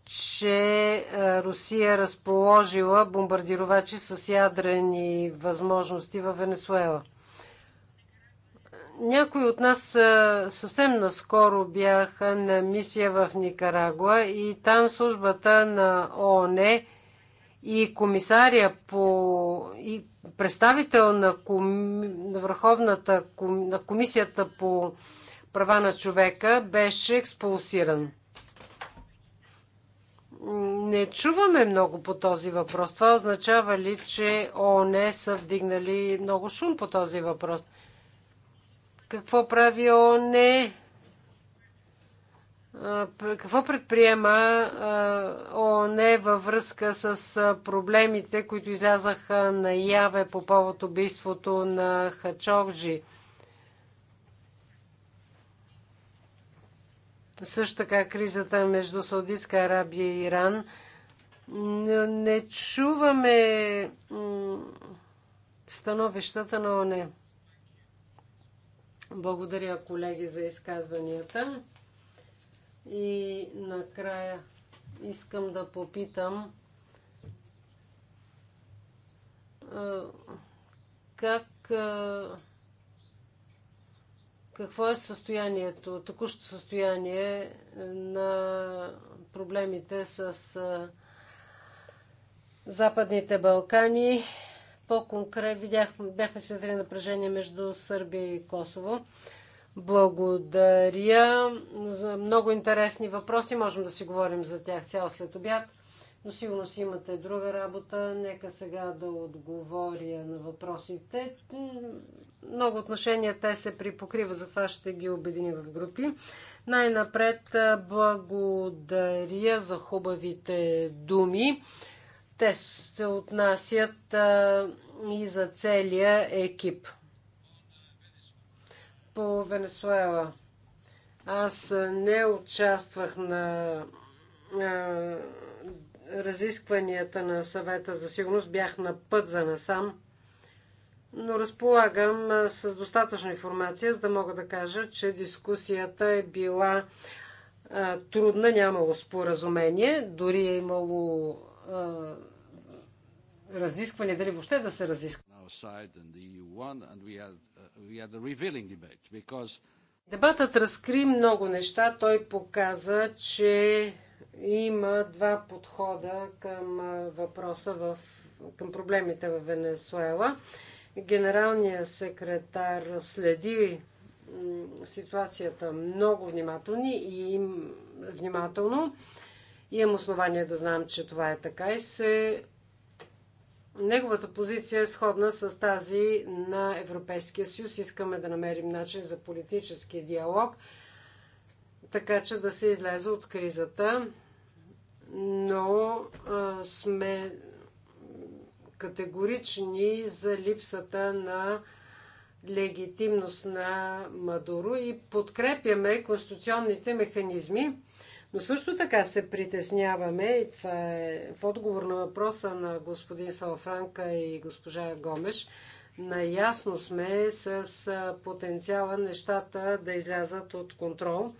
че Русия е разположила бомбардировачи с ядрени възможности във Венесуела. Някои от нас съвсем наскоро бяха на мисия в Никарагуа и там службата на ООН и комисария по и представител на, коми... на Върховната ком... на комисията по права на човека беше експулсиран. Не чуваме много по този въпрос. Това означава ли, че ООН са вдигнали много шум по този въпрос? Какво прави ООН? какво предприема ООН във връзка с проблемите, които излязаха наяве по повод убийството на Хачокджи? Също така кризата между Саудитска Арабия и Иран. Не чуваме становищата на ОНЕ. Благодаря, колеги, за изказванията. И накрая искам да попитам как какво е състоянието, текущото състояние на проблемите с Западните Балкани. По-конкрет видяхме, бяхме свидетели напрежение между Сърбия и Косово. Благодаря за много интересни въпроси. Можем да си говорим за тях цял след обяд, но сигурно си имате друга работа. Нека сега да отговоря на въпросите. Много отношения те се припокриват, затова ще ги обедини в групи. Най-напред благодаря за хубавите думи. Те се отнасят и за целия екип по Венесуела. Аз не участвах на а, разискванията на съвета за сигурност, бях на път за насам, но разполагам с достатъчно информация, за да мога да кажа, че дискусията е била а, трудна, нямало споразумение, дори е имало а, разискване, дали въобще да се разисква. Дебатът разкри много неща. Той показа, че има два подхода към въпроса в, към проблемите в Венесуела. Генералният секретар следи ситуацията много внимателно и им внимателно. Имам основание да знам, че това е така и се Неговата позиция е сходна с тази на Европейския съюз. Искаме да намерим начин за политически диалог, така че да се излезе от кризата. Но а, сме категорични за липсата на легитимност на Мадуро и подкрепяме конституционните механизми, но също така се притесняваме, и това е в отговор на въпроса на господин Салфранка и госпожа Гомеш, наясно сме с потенциала нещата да излязат от контрол,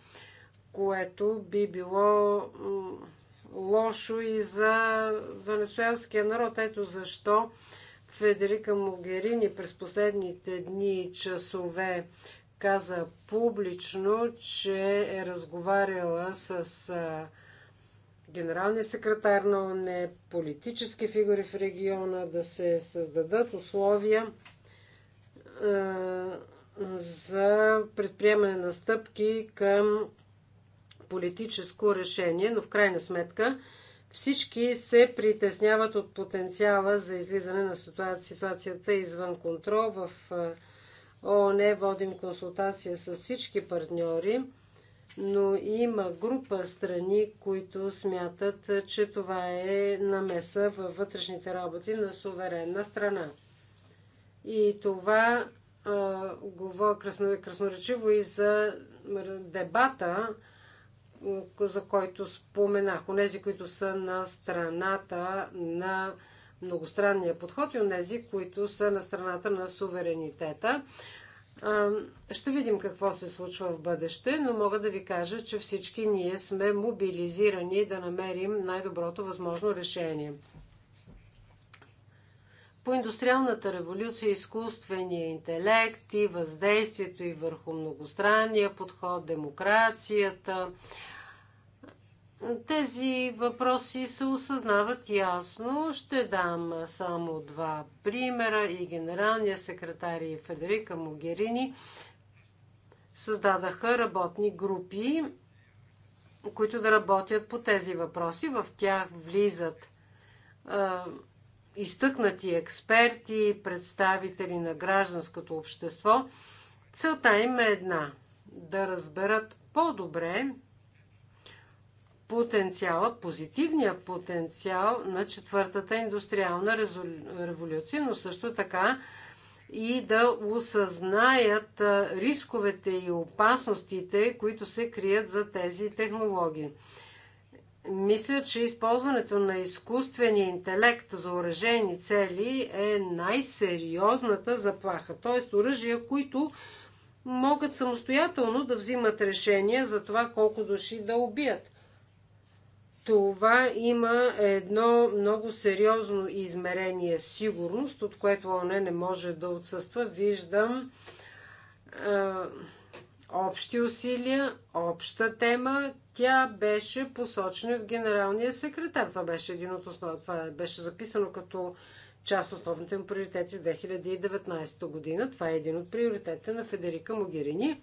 което би било лошо и за венесуелския народ. Ето защо Федерика Могерини през последните дни и часове каза публично, че е разговаряла с а, генералния секретар на ОНЕ, политически фигури в региона, да се създадат условия а, за предприемане на стъпки към политическо решение, но в крайна сметка всички се притесняват от потенциала за излизане на ситуацията извън контрол в а, ООН водим консултация с всички партньори, но има група страни, които смятат, че това е намеса във вътрешните работи на суверенна страна. И това говоря красно, красноречиво и за дебата, за който споменах. Онези, които са на страната на многостранния подход и от тези, които са на страната на суверенитета. Ще видим какво се случва в бъдеще, но мога да ви кажа, че всички ние сме мобилизирани да намерим най-доброто възможно решение. По индустриалната революция, изкуствения интелект и въздействието и върху многостранния подход, демокрацията, тези въпроси се осъзнават ясно. Ще дам само два примера и генералния секретар и Федерика Могерини създадаха работни групи, които да работят по тези въпроси. В тях влизат изтъкнати експерти, представители на гражданското общество. Целта им е една да разберат по-добре потенциала, позитивния потенциал на четвъртата индустриална революция, но също така и да осъзнаят рисковете и опасностите, които се крият за тези технологии. Мисля, че използването на изкуствения интелект за оръжейни цели е най-сериозната заплаха. Т.е. оръжия, които могат самостоятелно да взимат решения за това колко души да убият това има едно много сериозно измерение сигурност, от което ОНЕ не може да отсъства. Виждам е, общи усилия, обща тема. Тя беше посочена в генералния секретар. Това беше един от основ... Това беше записано като част от основните му приоритети 2019 година. Това е един от приоритетите на Федерика Могерини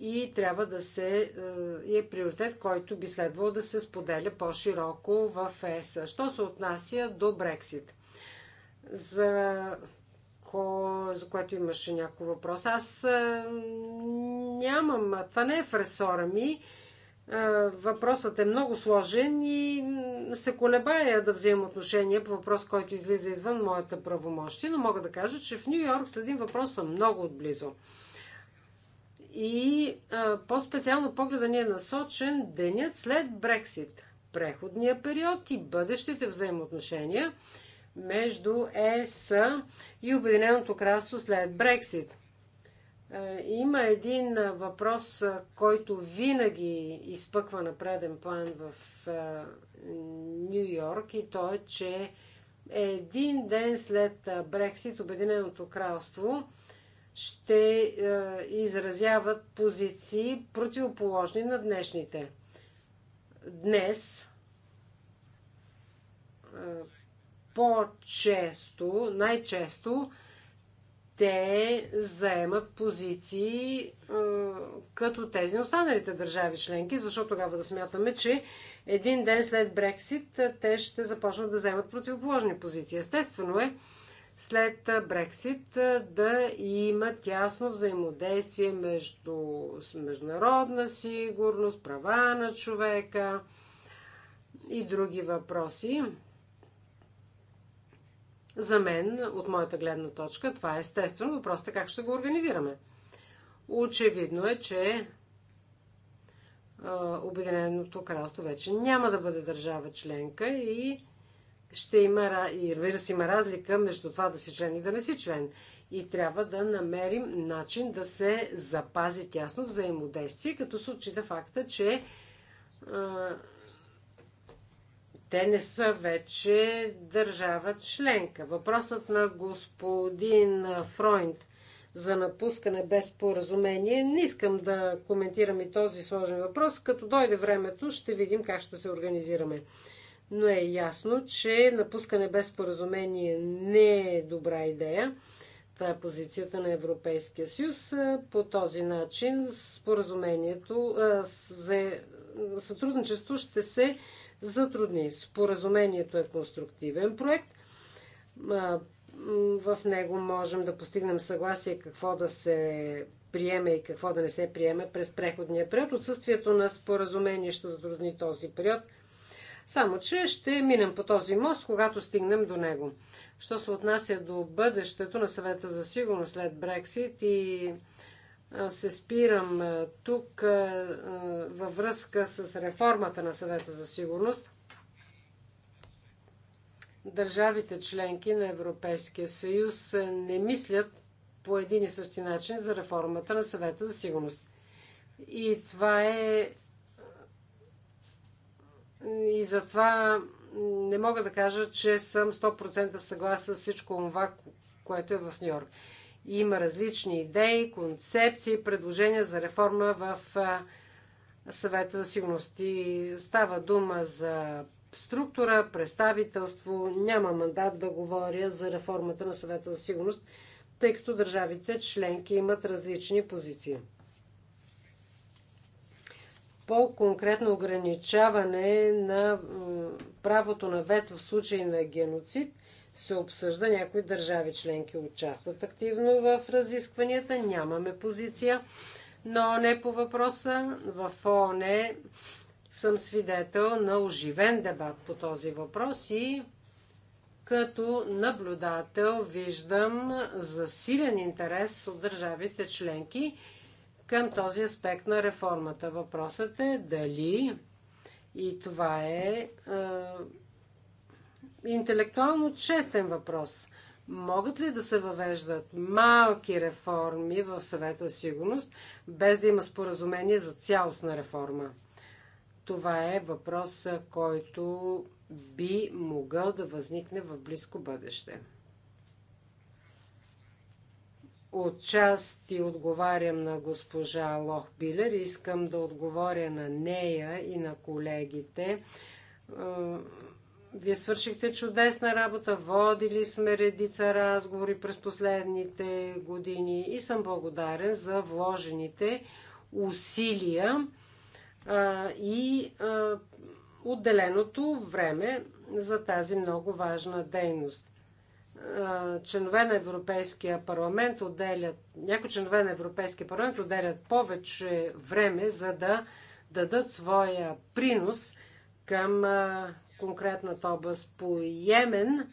и трябва да се е, и е приоритет, който би следвало да се споделя по-широко в ЕС. Що се отнася до Брексит? За, ко, за което имаше някои въпрос. Аз е, нямам. Това не е в ресора ми. Е, въпросът е много сложен и се колебая да вземам отношение по въпрос, който излиза извън моята правомощи, но мога да кажа, че в Нью Йорк следим въпроса много отблизо. близо и по-специално погледа ни е насочен денят след Брексит, преходния период и бъдещите взаимоотношения между ЕС и Обединеното кралство след Брексит. Има един въпрос, който винаги изпъква на преден план в Нью Йорк и то е, че един ден след Брексит Обединеното кралство ще е, изразяват позиции противоположни на днешните. Днес е, по-често, най-често, те заемат позиции е, като тези на останалите държави членки, защото тогава да смятаме, че един ден след Брексит те ще започнат да заемат противоположни позиции. Естествено е, след Брексит да има тясно взаимодействие между международна сигурност, права на човека и други въпроси. За мен, от моята гледна точка, това е естествено. Въпросът е как ще го организираме. Очевидно е, че Обединеното кралство вече няма да бъде държава членка и ще има, и разбира се, има разлика между това да си член и да не си член. И трябва да намерим начин да се запази тясно взаимодействие, като се отчита факта, че а, те не са вече държава членка. Въпросът на господин Фройнд за напускане без поразумение. Не искам да коментирам и този сложен въпрос. Като дойде времето, ще видим как ще се организираме но е ясно, че напускане без споразумение не е добра идея. Това е позицията на Европейския съюз. По този начин споразумението за сътрудничество ще се затрудни. Споразумението е конструктивен проект. В него можем да постигнем съгласие какво да се приеме и какво да не се приеме през преходния период. Отсъствието на споразумение ще затрудни този период – само, че ще минем по този мост, когато стигнем до него. Що се отнася до бъдещето на съвета за сигурност след Брексит и се спирам тук във връзка с реформата на съвета за сигурност. Държавите членки на Европейския съюз не мислят по един и същи начин за реформата на съвета за сигурност. И това е и затова не мога да кажа, че съм 100% съгласен с всичко това, което е в Нью Йорк. Има различни идеи, концепции, предложения за реформа в съвета за сигурност. И става дума за структура, представителство. Няма мандат да говоря за реформата на съвета за сигурност, тъй като държавите членки имат различни позиции по-конкретно ограничаване на правото на вето в случай на геноцид се обсъжда. Някои държави членки участват активно в разискванията. Нямаме позиция но не по въпроса. В ООН съм свидетел на оживен дебат по този въпрос и като наблюдател виждам засилен интерес от държавите членки към този аспект на реформата. Въпросът е дали и това е, е интелектуално честен въпрос. Могат ли да се въвеждат малки реформи в съвета сигурност, без да има споразумение за цялостна реформа? Това е въпрос, който би могъл да възникне в близко бъдеще отчасти отговарям на госпожа Лох Билер. Искам да отговоря на нея и на колегите. Е, вие свършихте чудесна работа, водили сме редица разговори през последните години и съм благодарен за вложените усилия а, е, и а, е, отделеното време за тази много важна дейност членове на Европейския парламент отделят, някои членове на Европейския парламент отделят повече време, за да дадат своя принос към конкретната област по Йемен.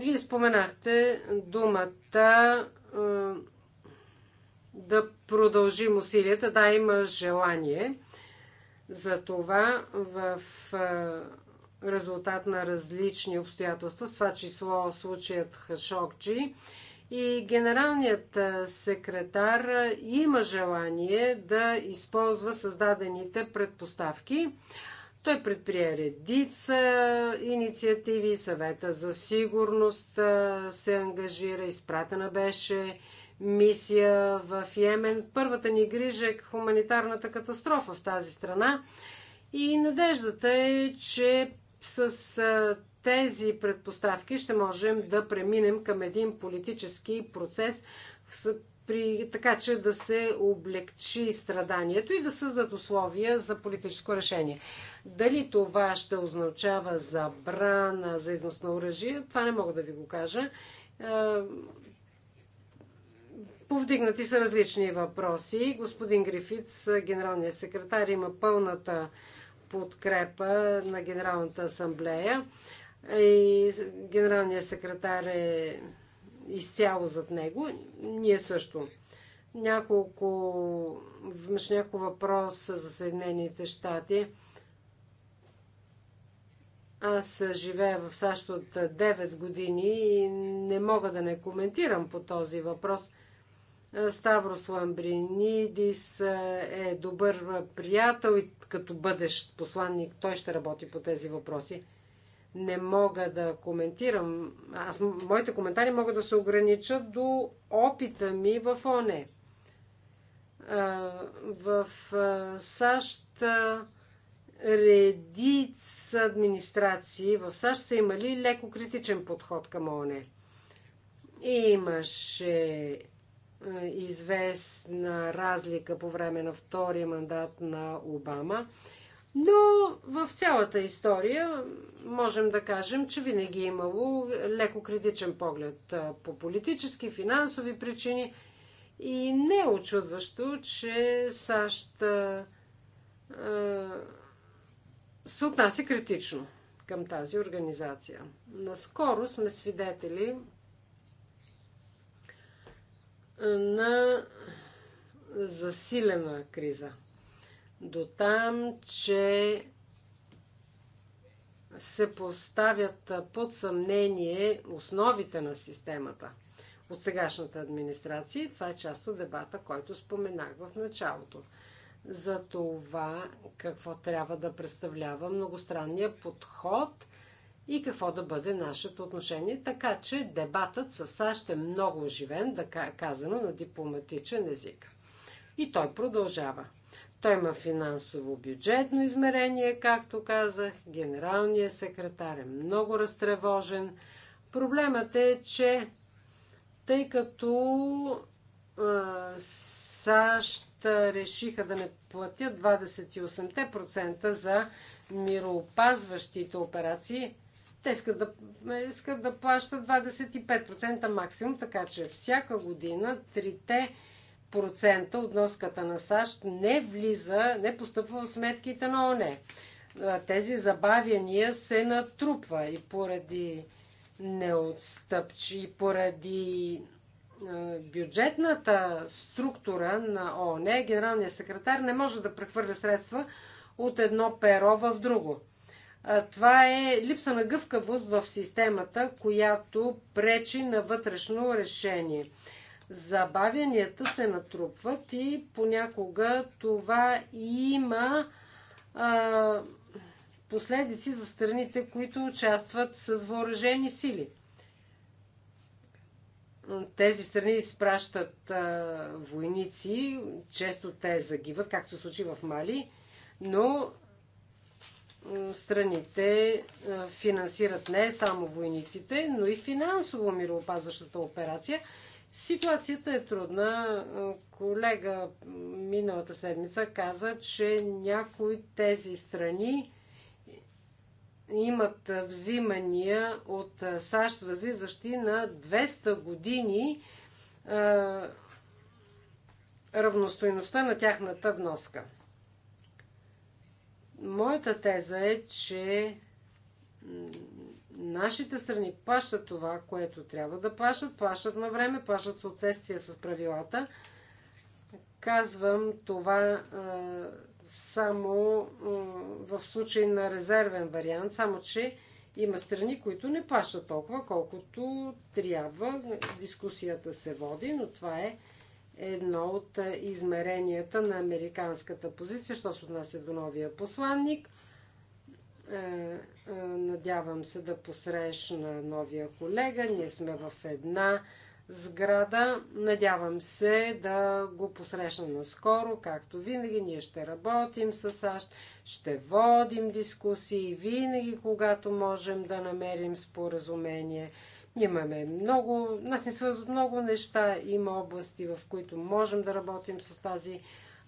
Вие споменахте думата да продължим усилията. Да, има желание. за това в резултат на различни обстоятелства, с това число случаят Хашокджи. И генералният секретар има желание да използва създадените предпоставки. Той предприе редица инициативи, съвета за сигурност се ангажира, изпратена беше мисия в Йемен. Първата ни грижа е хуманитарната катастрофа в тази страна и надеждата е, че с тези предпоставки ще можем да преминем към един политически процес, при, така че да се облегчи страданието и да създадат условия за политическо решение. Дали това ще означава забрана за износ на оръжие, това не мога да ви го кажа. Повдигнати са различни въпроси. Господин Грифиц, генералният секретар, има пълната подкрепа на Генералната асамблея и генералният секретар е изцяло зад него. Ние също. Няколко, имаш няколко въпроса за Съединените щати. Аз живея в САЩ от 9 години и не мога да не коментирам по този въпрос – Ставрос Ламбринидис е добър приятел и като бъдещ посланник той ще работи по тези въпроси. Не мога да коментирам. Аз, моите коментари могат да се ограничат до опита ми в ОНЕ. В САЩ редица администрации в САЩ са имали леко критичен подход към ОНЕ. Имаше е, известна разлика по време на втория мандат на Обама. Но в цялата история можем да кажем, че винаги е имало леко критичен поглед е, по политически, финансови причини. И не е очудващо, че САЩ а, е, се отнася критично към тази организация. Наскоро сме свидетели на засилена криза. До там, че се поставят под съмнение основите на системата от сегашната администрация. това е част от дебата, който споменах в началото. За това какво трябва да представлява многостранния подход – и какво да бъде нашето отношение. Така че дебатът с САЩ е много оживен, да казано на дипломатичен език. И той продължава. Той има финансово бюджетно измерение, както казах. Генералният секретар е много разтревожен. Проблемът е, че тъй като а, САЩ решиха да не платят 28% за мироопазващите операции, те искат да, искат да плащат 25% максимум, така че всяка година 3% от носката на САЩ не влиза, не постъпва в сметките на ОНЕ. Тези забавяния се натрупва и поради неотстъпчи, и поради бюджетната структура на ОНЕ, генералният секретар не може да прехвърля средства от едно перо в друго. Това е липса на гъвкавост в системата, която пречи на вътрешно решение. Забавянията се натрупват и понякога това има а, последици за страните, които участват с въоръжени сили. Тези страни изпращат а, войници, често те загиват, както се случи в Мали, но страните финансират не само войниците, но и финансово мироопазващата операция. Ситуацията е трудна. Колега миналата седмица каза, че някои тези страни имат взимания от САЩ защи на 200 години равностойността на тяхната вноска. Моята теза е, че нашите страни плащат това, което трябва да плащат, плащат на време, плащат в съответствие с правилата. Казвам това е, само е, в случай на резервен вариант, само че има страни, които не плащат толкова, колкото трябва. Дискусията се води, но това е едно от е, измеренията на американската позиция, що се отнася до новия посланник. Е, е, надявам се да посрещна новия колега. Ние сме в една сграда. Надявам се да го посрещна наскоро, както винаги. Ние ще работим с САЩ, ще водим дискусии винаги, когато можем да намерим споразумение – Имаме много, нас ни свързват много неща, има области, в които можем да работим с тази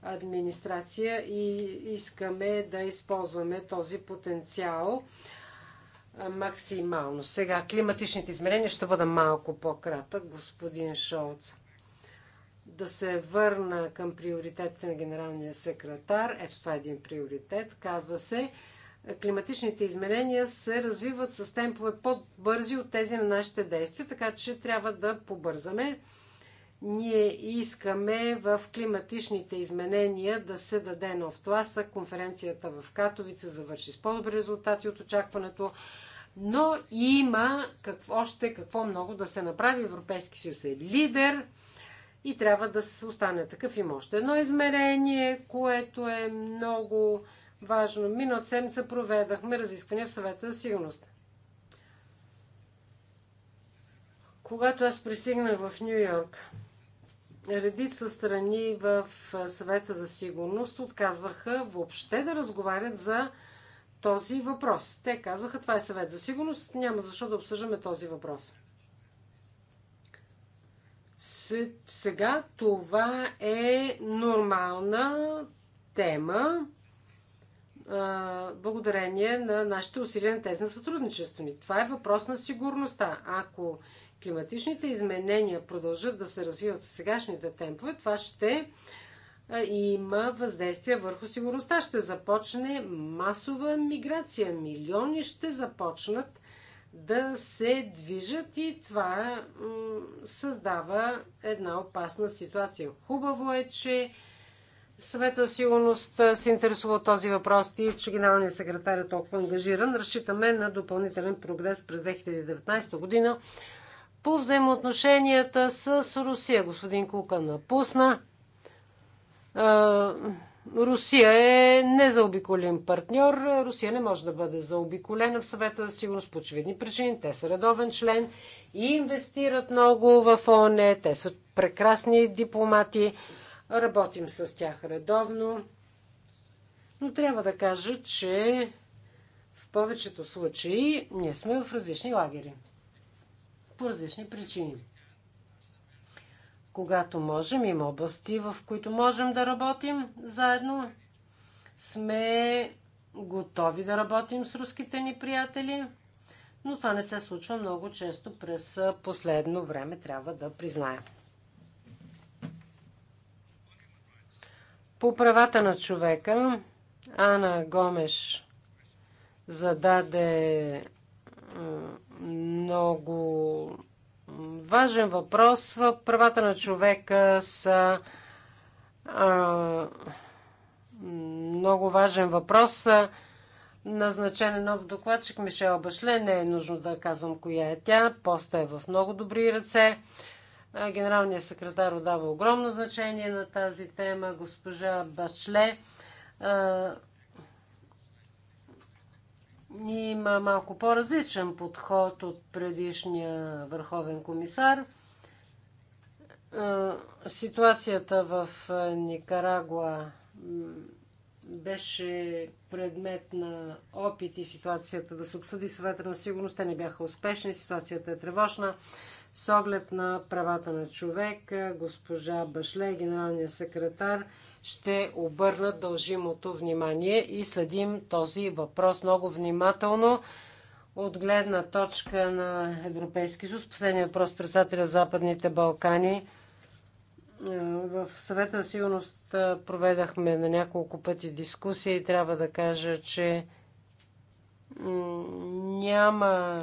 администрация и искаме да използваме този потенциал максимално. Сега климатичните измерения ще бъда малко по-кратък, господин Шолц. Да се върна към приоритетите на генералния секретар. Ето това е един приоритет. Казва се климатичните изменения се развиват с темпове по-бързи от тези на нашите действия, така че трябва да побързаме. Ние искаме в климатичните изменения да се даде нов тласък. Конференцията в Катовица завърши с по-добри резултати от очакването. Но има какво, още какво много да се направи. Европейски съюз е лидер и трябва да се остане такъв. Има още едно измерение, което е много важно. Миналата седмица проведахме разисквания в съвета за сигурност. Когато аз пристигнах в Нью Йорк, редица страни в съвета за сигурност отказваха въобще да разговарят за този въпрос. Те казваха, това е съвет за сигурност, няма защо да обсъждаме този въпрос. Сега това е нормална тема благодарение на нашите усилия на тези на сътрудничество ни. Това е въпрос на сигурността. Ако климатичните изменения продължат да се развиват с сегашните темпове, това ще има въздействие върху сигурността. Ще започне масова миграция. Милиони ще започнат да се движат и това създава една опасна ситуация. Хубаво е, че Съвета сигурност се интересува от този въпрос и че генералният секретар е толкова ангажиран. Разчитаме на допълнителен прогрес през 2019 година по взаимоотношенията с Русия. Господин Кука напусна. Е, Русия е незаобиколен партньор. Русия не може да бъде заобиколена в съвета за сигурност по очевидни причини. Те са редовен член и инвестират много в ОНЕ. Те са прекрасни дипломати. Работим с тях редовно. Но трябва да кажа, че в повечето случаи ние сме в различни лагери. По различни причини. Когато можем, има области, в които можем да работим заедно. Сме готови да работим с руските ни приятели, но това не се случва много често през последно време, трябва да признаем. По правата на човека, Ана Гомеш зададе много важен въпрос. Правата на човека са а, много важен въпрос. Назначен е нов докладчик Мишел Башле. Не е нужно да казвам коя е тя. Поста е в много добри ръце. Генералният секретар отдава огромно значение на тази тема. Госпожа Бачле има малко по-различен подход от предишния върховен комисар. Ситуацията в Никарагуа беше предмет на опит и ситуацията да се обсъди съвета на сигурност. Те не бяха успешни, ситуацията е тревожна. С оглед на правата на човека, госпожа Башле, генералния секретар, ще обърнат дължимото внимание и следим този въпрос много внимателно от гледна точка на Европейски съюз. Последният въпрос председателя Западните Балкани. Е, в съвета на сигурност е, проведахме на няколко пъти дискусия и трябва да кажа, че няма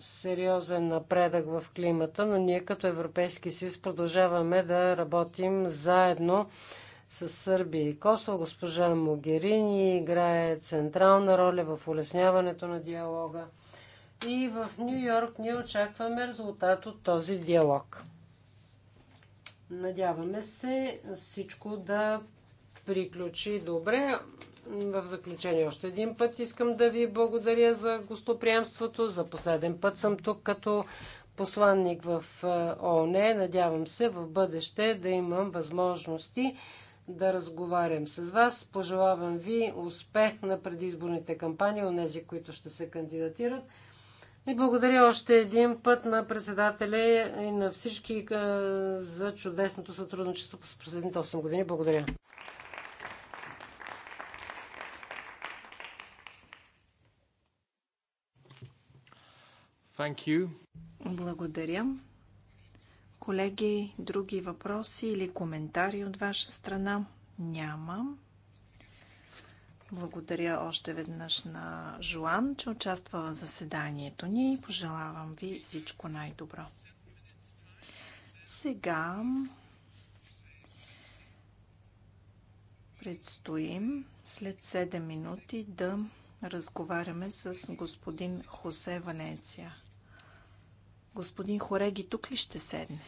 сериозен напредък в климата, но ние като Европейски съюз продължаваме да работим заедно с Сърбия и Косово. Госпожа Могерини играе централна роля в улесняването на диалога. И в Нью Йорк ние очакваме резултат от този диалог. Надяваме се всичко да приключи добре. В заключение още един път искам да ви благодаря за гостоприемството. За последен път съм тук като посланник в е, ООН. Надявам се в бъдеще да имам възможности да разговарям с вас. Пожелавам ви успех на предизборните кампании, нези, които ще се кандидатират. И благодаря още един път на председателя и на всички е, за чудесното сътрудничество с последните 8 години. Благодаря. Thank you. Благодаря. Колеги, други въпроси или коментари от ваша страна? Няма. Благодаря още веднъж на Жуан, че участва в заседанието ни и пожелавам ви всичко най-добро. Сега предстоим след 7 минути да разговаряме с господин Хосе Ванесия. Господин Хореги тук ли ще седне?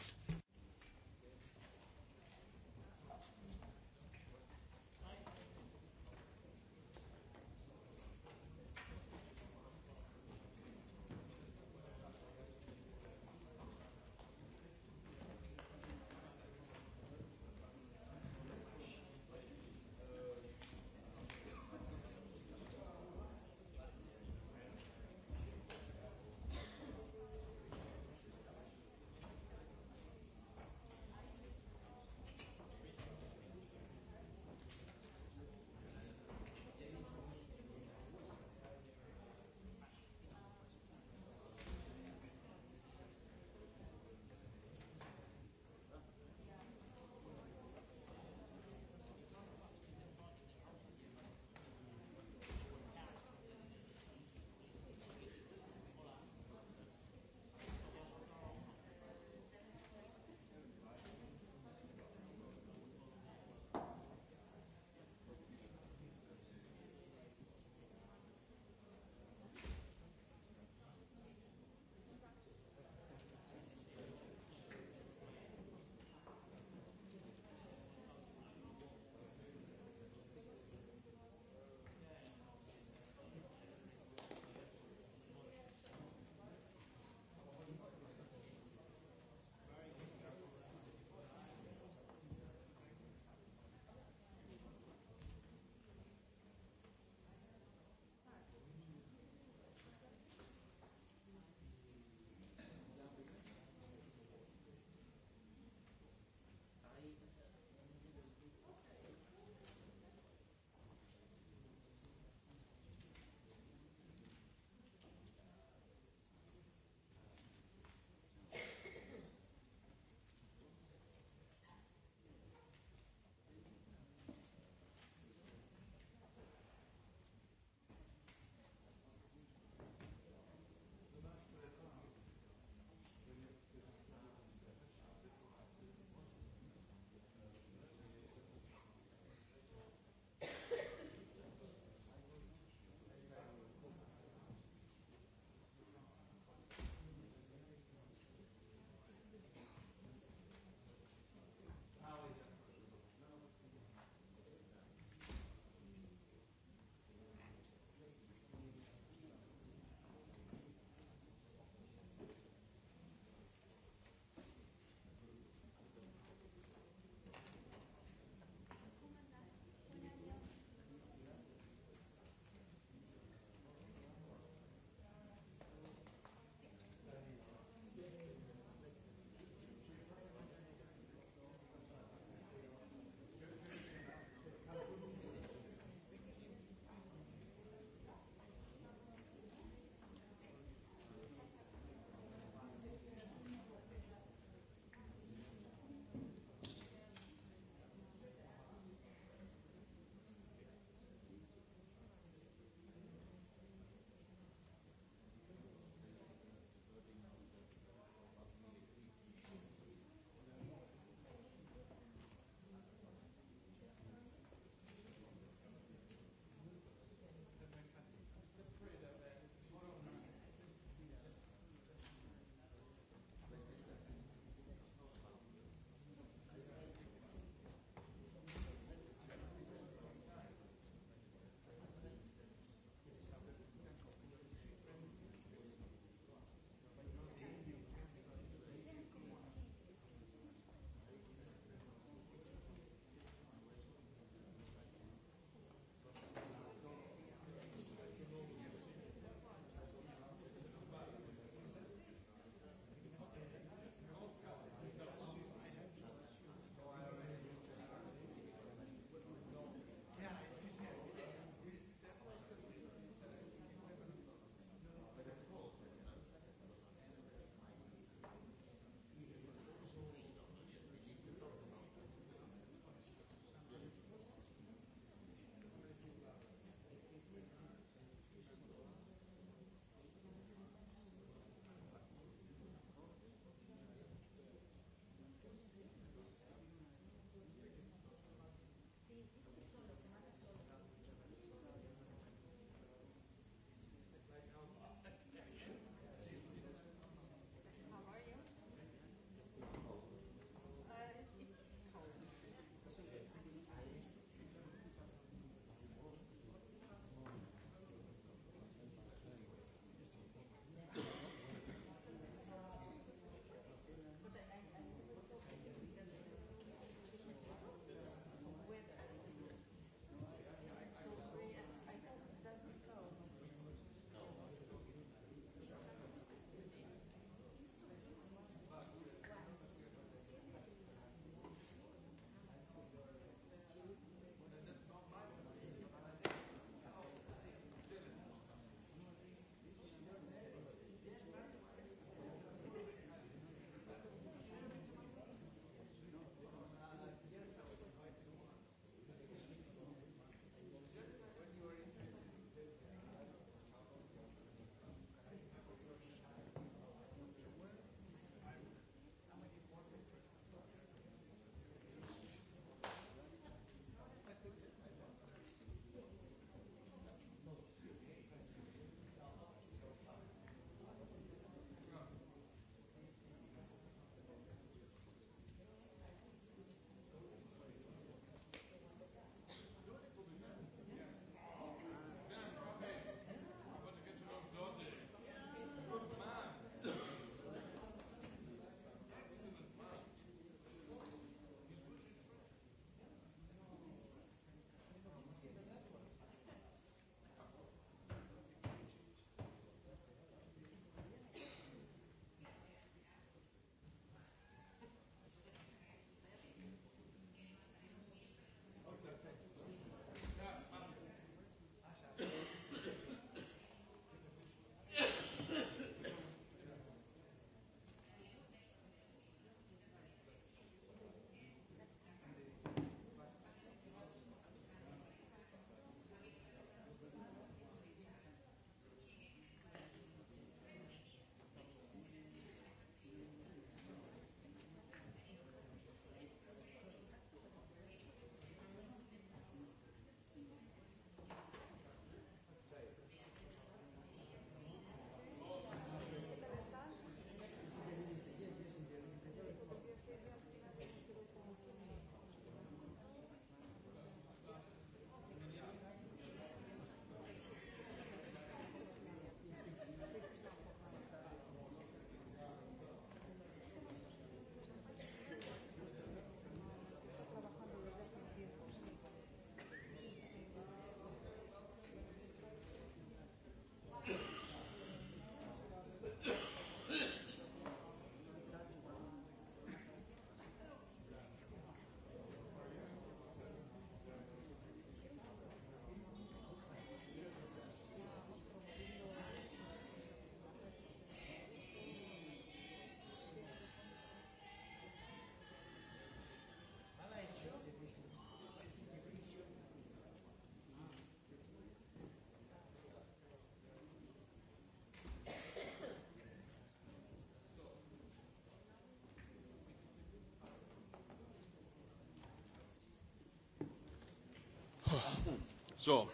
So.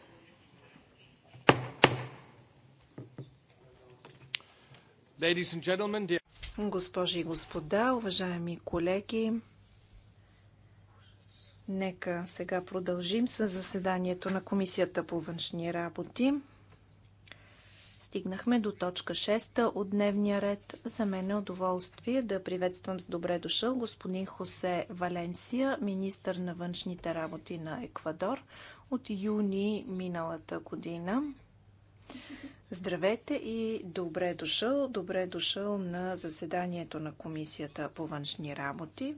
Ladies and gentlemen, dear... Госпожи и господа, уважаеми колеги, нека сега продължим с заседанието на Комисията по външни работи. Стигнахме до точка 6 от дневния ред. За мен е удоволствие да приветствам с добре дошъл господин Хосе Валенсия, министър на външните работи на Еквадор от юни миналата година. Здравейте и добре дошъл. Добре дошъл на заседанието на Комисията по външни работи.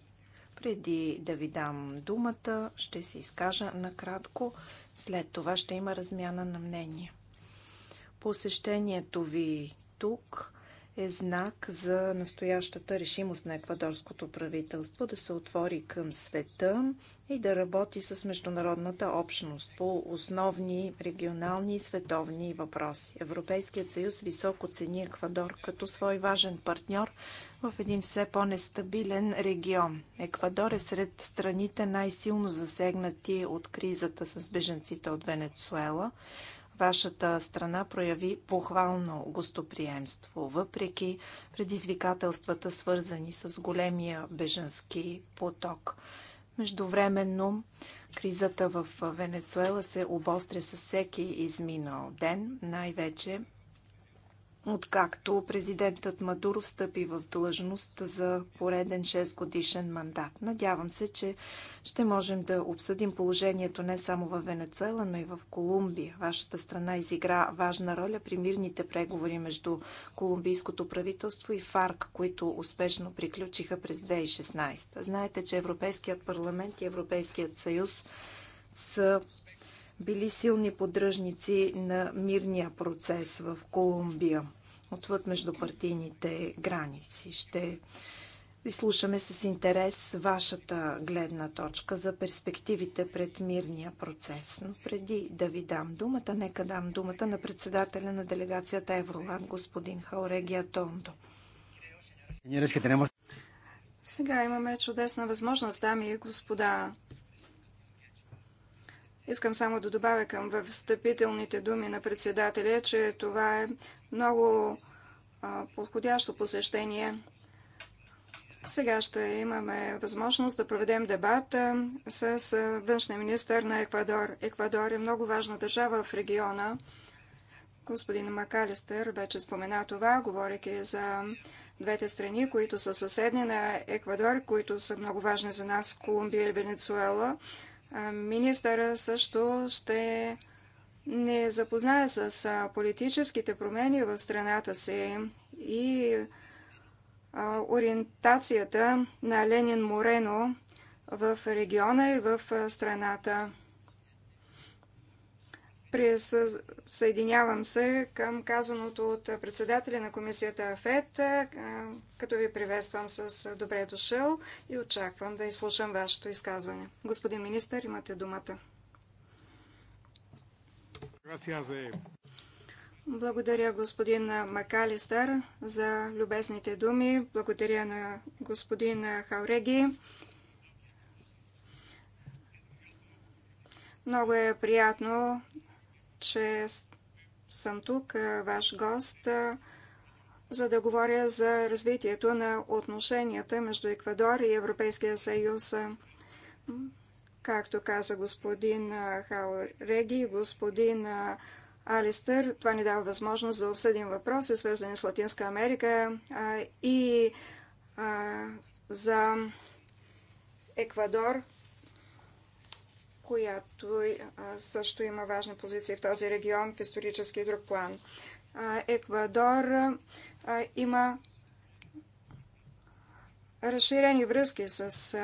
Преди да ви дам думата, ще се изкажа накратко. След това ще има размяна на мнение. Посещението ви тук е знак за настоящата решимост на еквадорското правителство да се отвори към света и да работи с международната общност по основни регионални и световни въпроси. Европейският съюз високо цени Еквадор като свой важен партньор в един все по-нестабилен регион. Еквадор е сред страните най-силно засегнати от кризата с беженците от Венецуела. Вашата страна прояви похвално гостоприемство, въпреки предизвикателствата, свързани с големия беженски поток. Междувременно кризата в Венецуела се обостря с всеки изминал ден, най-вече откакто президентът Мадуро встъпи в длъжност за пореден 6 годишен мандат. Надявам се, че ще можем да обсъдим положението не само в Венецуела, но и в Колумбия. Вашата страна изигра важна роля при мирните преговори между колумбийското правителство и ФАРК, които успешно приключиха през 2016. Знаете, че Европейският парламент и Европейският съюз са били силни поддръжници на мирния процес в Колумбия, отвъд междупартийните граници. Ще изслушаме с интерес вашата гледна точка за перспективите пред мирния процес. Но преди да ви дам думата, нека дам думата на председателя на делегацията Евроланд, господин Хаорегия Тондо. Сега имаме чудесна възможност, дами и господа, Искам само да добавя към встъпителните думи на председателя, че това е много подходящо посещение. Сега ще имаме възможност да проведем дебат с външния министр на Еквадор. Еквадор е много важна държава в региона. Господин Макалистер вече спомена това, говоряки за двете страни, които са съседни на Еквадор, които са много важни за нас, Колумбия и Венецуела. Министъра също ще не запознае с политическите промени в страната си и ориентацията на Ленин Морено в региона и в страната. Присъединявам се към казаното от председателя на комисията ФЕД, като ви приветствам с добре дошъл и очаквам да изслушам вашето изказване. Господин министър, имате думата. Благодаря, господин Макалистър, за любезните думи. Благодаря на господин Хауреги. Много е приятно че съм тук, ваш гост, за да говоря за развитието на отношенията между Еквадор и Европейския съюз. Както каза господин Хауреги, господин Алистър, това ни дава възможност да обсъдим въпроси, свързани с Латинска Америка и за Еквадор, която е, също има важна позиция в този регион в исторически друг план. Еквадор има разширени връзки с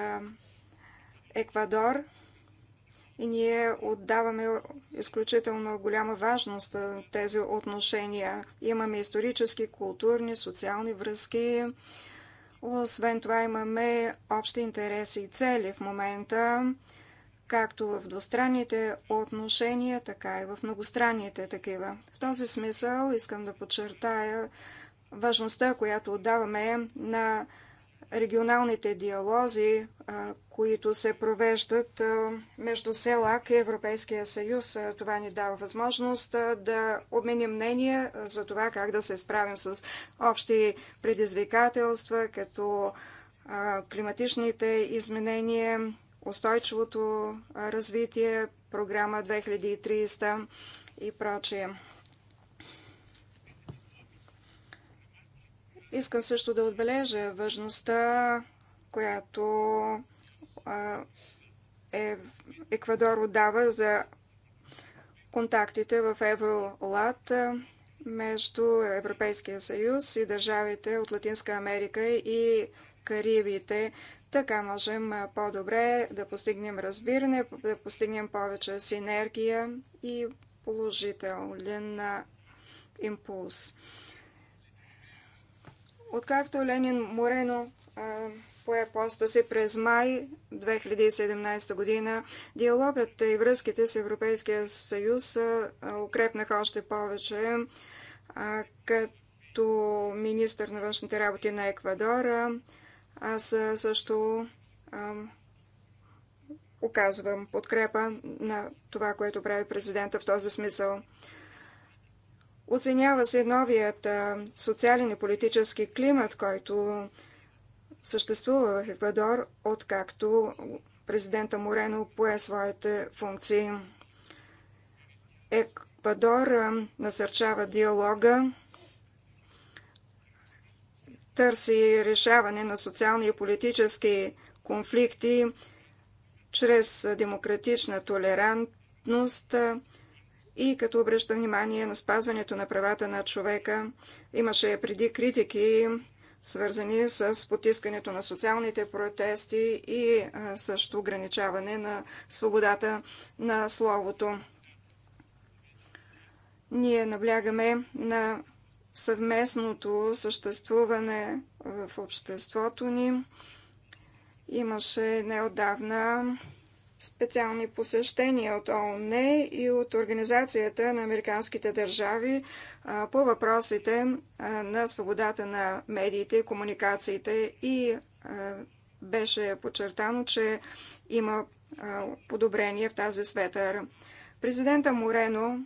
Еквадор и ние отдаваме изключително голяма важност на тези отношения. Имаме исторически, културни, социални връзки. Освен това имаме общи интереси и цели в момента както в двустранните отношения, така и в многостранните такива. В този смисъл искам да подчертая важността, която отдаваме на регионалните диалози, които се провеждат между СЕЛАК и Европейския съюз. Това ни дава възможност да обменим мнение за това как да се справим с общи предизвикателства, като климатичните изменения, устойчивото развитие, програма 2300 и прочие. Искам също да отбележа важността, която е, Еквадор отдава за контактите в Евролат между Европейския съюз и държавите от Латинска Америка и Карибите. Така можем по-добре да постигнем разбиране, да постигнем повече синергия и положителен импулс. Откакто Ленин Морено пое поста си през май 2017 година, диалогът и връзките с Европейския съюз укрепнаха още повече, като министър на външните работи на Еквадора аз също ам, оказвам подкрепа на това, което прави президента в този смисъл. Оценява се новият социален и политически климат, който съществува в Еквадор, откакто президента Морено пое своите функции. Еквадор насърчава диалога търси решаване на социални и политически конфликти чрез демократична толерантност и като обръща внимание на спазването на правата на човека. Имаше преди критики, свързани с потискането на социалните протести и също ограничаване на свободата на словото. Ние наблягаме на съвместното съществуване в обществото ни. Имаше неодавна специални посещения от ООН и от Организацията на американските държави по въпросите на свободата на медиите, комуникациите и беше подчертано, че има подобрение в тази светър. Президента Морено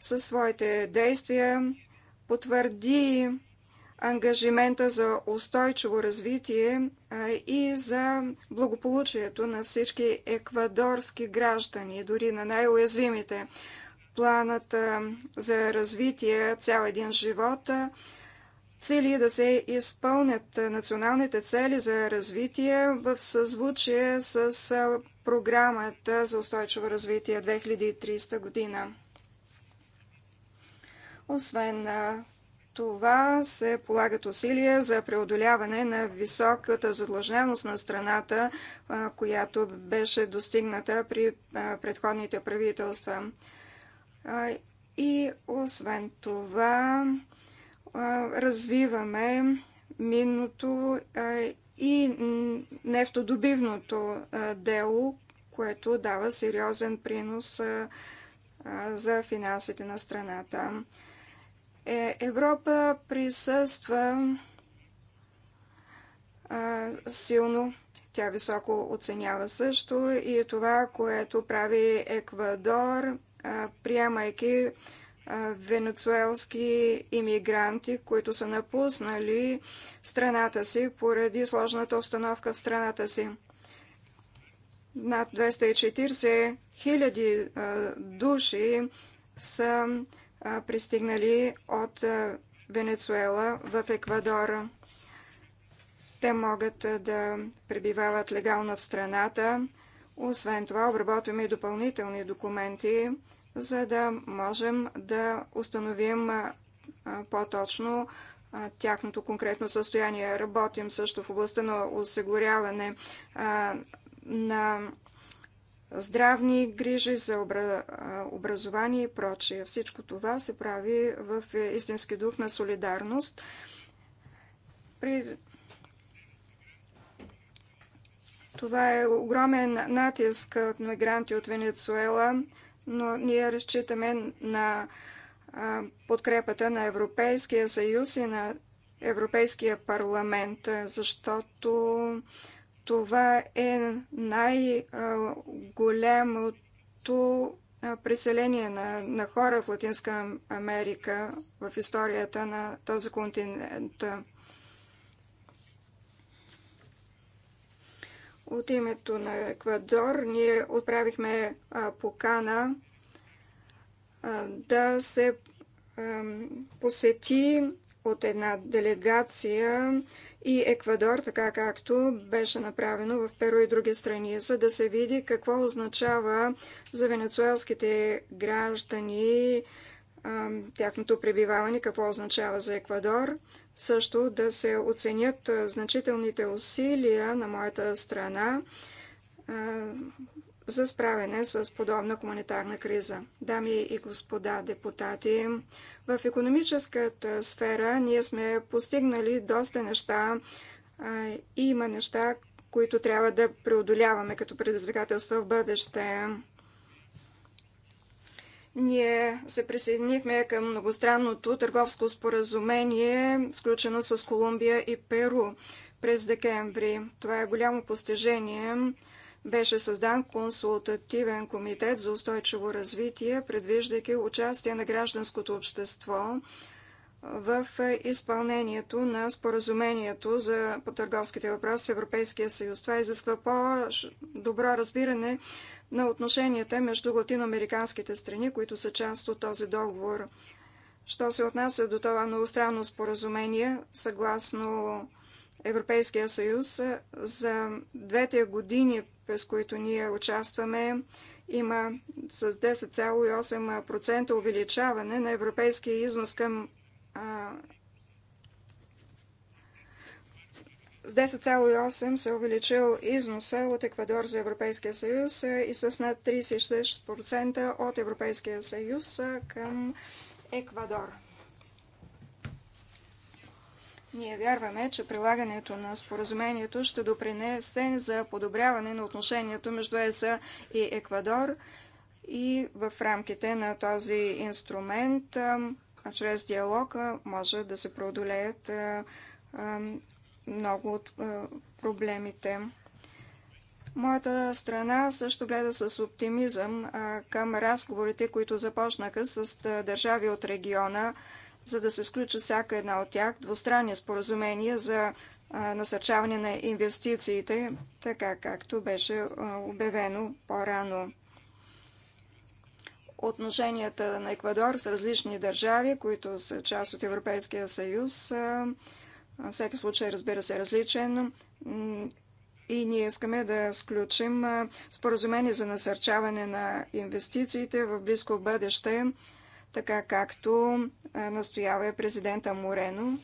със своите действия потвърди ангажимента за устойчиво развитие и за благополучието на всички еквадорски граждани, дори на най-уязвимите. Планът за развитие цял един живот цели да се изпълнят националните цели за развитие в съзвучие с програмата за устойчиво развитие 2030 година. Освен това се полагат усилия за преодоляване на високата задлъжнявост на страната, която беше достигната при предходните правителства. И освен това развиваме минното и нефтодобивното дело, което дава сериозен принос за финансите на страната. Е, Европа присъства силно. Тя високо оценява също и това, което прави Еквадор, приемайки венецуелски иммигранти, които са напуснали страната си поради сложната обстановка в страната си. Над 240 хиляди души са пристигнали от Венецуела в Еквадора. Те могат да пребивават легално в страната. Освен това, обработваме и допълнителни документи, за да можем да установим по-точно тяхното конкретно състояние. Работим също в областта на осигуряване на здравни грижи, за образование и прочее. Всичко това се прави в е, истински дух на солидарност. При... Това е огромен натиск от мигранти от Венецуела, но ние разчитаме на подкрепата на Европейския съюз и на Европейския парламент, защото това е най-голямото преселение на, на хора в Латинска Америка в историята на този континент. От името на Еквадор ние отправихме покана да се посети от една делегация и Еквадор, така както беше направено в Перу и други страни, за да се види какво означава за венецуелските граждани тяхното пребиваване, какво означава за Еквадор. Също да се оценят значителните усилия на моята страна за справяне с подобна хуманитарна криза. Дами и господа депутати, в економическата сфера ние сме постигнали доста неща и има неща, които трябва да преодоляваме като предизвикателства в бъдеще. Ние се присъединихме към многостранното търговско споразумение, сключено с Колумбия и Перу през декември. Това е голямо постижение беше създан консултативен комитет за устойчиво развитие, предвиждайки участие на гражданското общество в изпълнението на споразумението за по търговските въпроси с Европейския съюз. Това изисква по-добро разбиране на отношенията между латиноамериканските страни, които са част от този договор. Що се отнася до това многостранно споразумение, съгласно Европейския съюз за двете години, през които ние участваме, има с 10,8% увеличаване на европейския износ към с 10,8 се е увеличил износа от Еквадор за Европейския съюз и с над 36% от Европейския съюз към Еквадор. Ние вярваме, че прилагането на споразумението ще допринесе за подобряване на отношението между ЕСА и Еквадор и в рамките на този инструмент, чрез диалог, може да се преодолеят много от проблемите. Моята страна също гледа с оптимизъм към разговорите, които започнаха с държави от региона за да се сключи всяка една от тях двустранни споразумения за насърчаване на инвестициите, така както беше обявено по-рано. Отношенията на Еквадор с различни държави, които са част от Европейския съюз, всеки случай разбира се е различен и ние искаме да сключим споразумение за насърчаване на инвестициите в близко бъдеще така както настоява е президента Морено.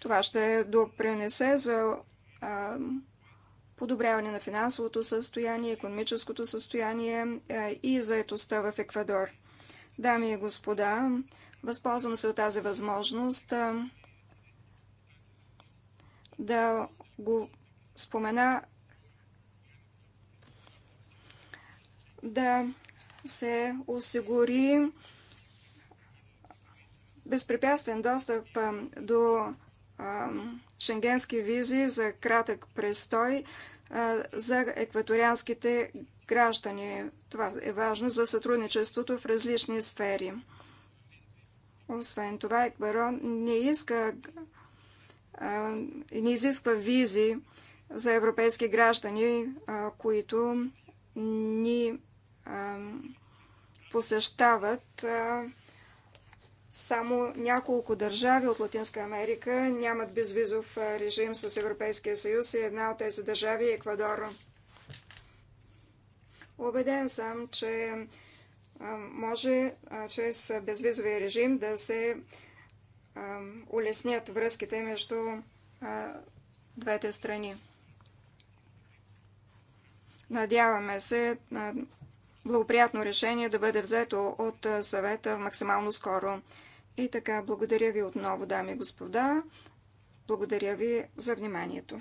Това ще допринесе за подобряване на финансовото състояние, економическото състояние и заетостта в Еквадор. Дами и господа, възползвам се от тази възможност да го спомена да се осигури безпрепятствен достъп до шенгенски визи за кратък престой за екваторианските граждани. Това е важно за сътрудничеството в различни сфери. Освен това, Екваро не иска не изисква визи за европейски граждани, които ни посещават само няколко държави от Латинска Америка нямат безвизов режим с Европейския съюз и една от тези държави е Еквадор. Обеден съм, че може чрез безвизовия режим да се улеснят връзките между двете страни. Надяваме се благоприятно решение да бъде взето от съвета максимално скоро. И така, благодаря ви отново, дами и господа. Благодаря ви за вниманието.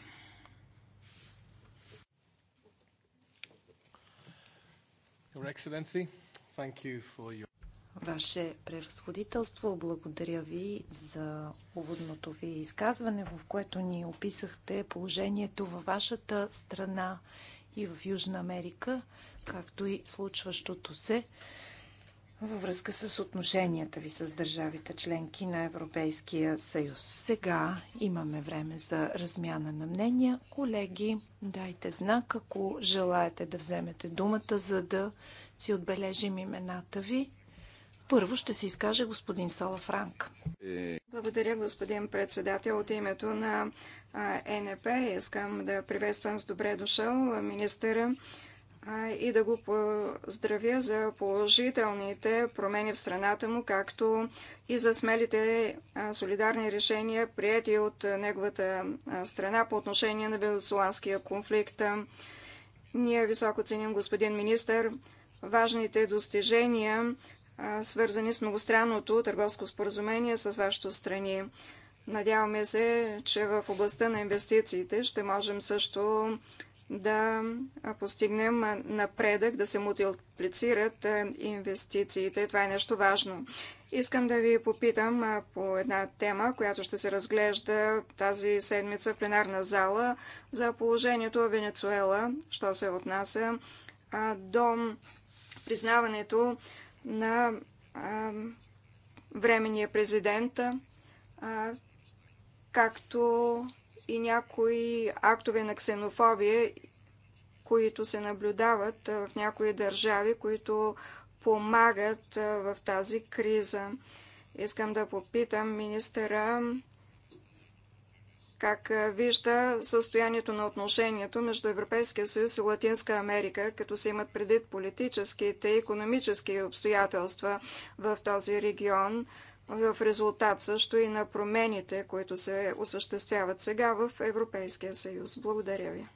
Ваше превъзходителство, благодаря ви за уводното ви изказване, в което ни описахте положението във вашата страна и в Южна Америка както и случващото се във връзка с отношенията ви с държавите членки на Европейския съюз. Сега имаме време за размяна на мнения. Колеги, дайте знак, ако желаете да вземете думата, за да си отбележим имената ви. Първо ще се изкаже господин Сала Франк. Благодаря, господин председател. От името на ЕНП искам да приветствам с добре дошъл министъра и да го поздравя за положителните промени в страната му, както и за смелите солидарни решения, прияти от неговата страна по отношение на венецуанския конфликт. Ние високо ценим, господин министр, важните достижения, свързани с многостранното търговско споразумение с вашето страни. Надяваме се, че в областта на инвестициите ще можем също да постигнем напредък, да се мултиплицират инвестициите. Това е нещо важно. Искам да ви попитам по една тема, която ще се разглежда тази седмица в пленарна зала за положението в Венецуела, що се отнася до признаването на временния президент, както и някои актове на ксенофобия, които се наблюдават в някои държави, които помагат в тази криза. Искам да попитам министъра как вижда състоянието на отношението между Европейския съюз и Латинска Америка, като се имат предвид политическите и економически обстоятелства в този регион в резултат също и на промените, които се осъществяват сега в Европейския съюз. Благодаря ви.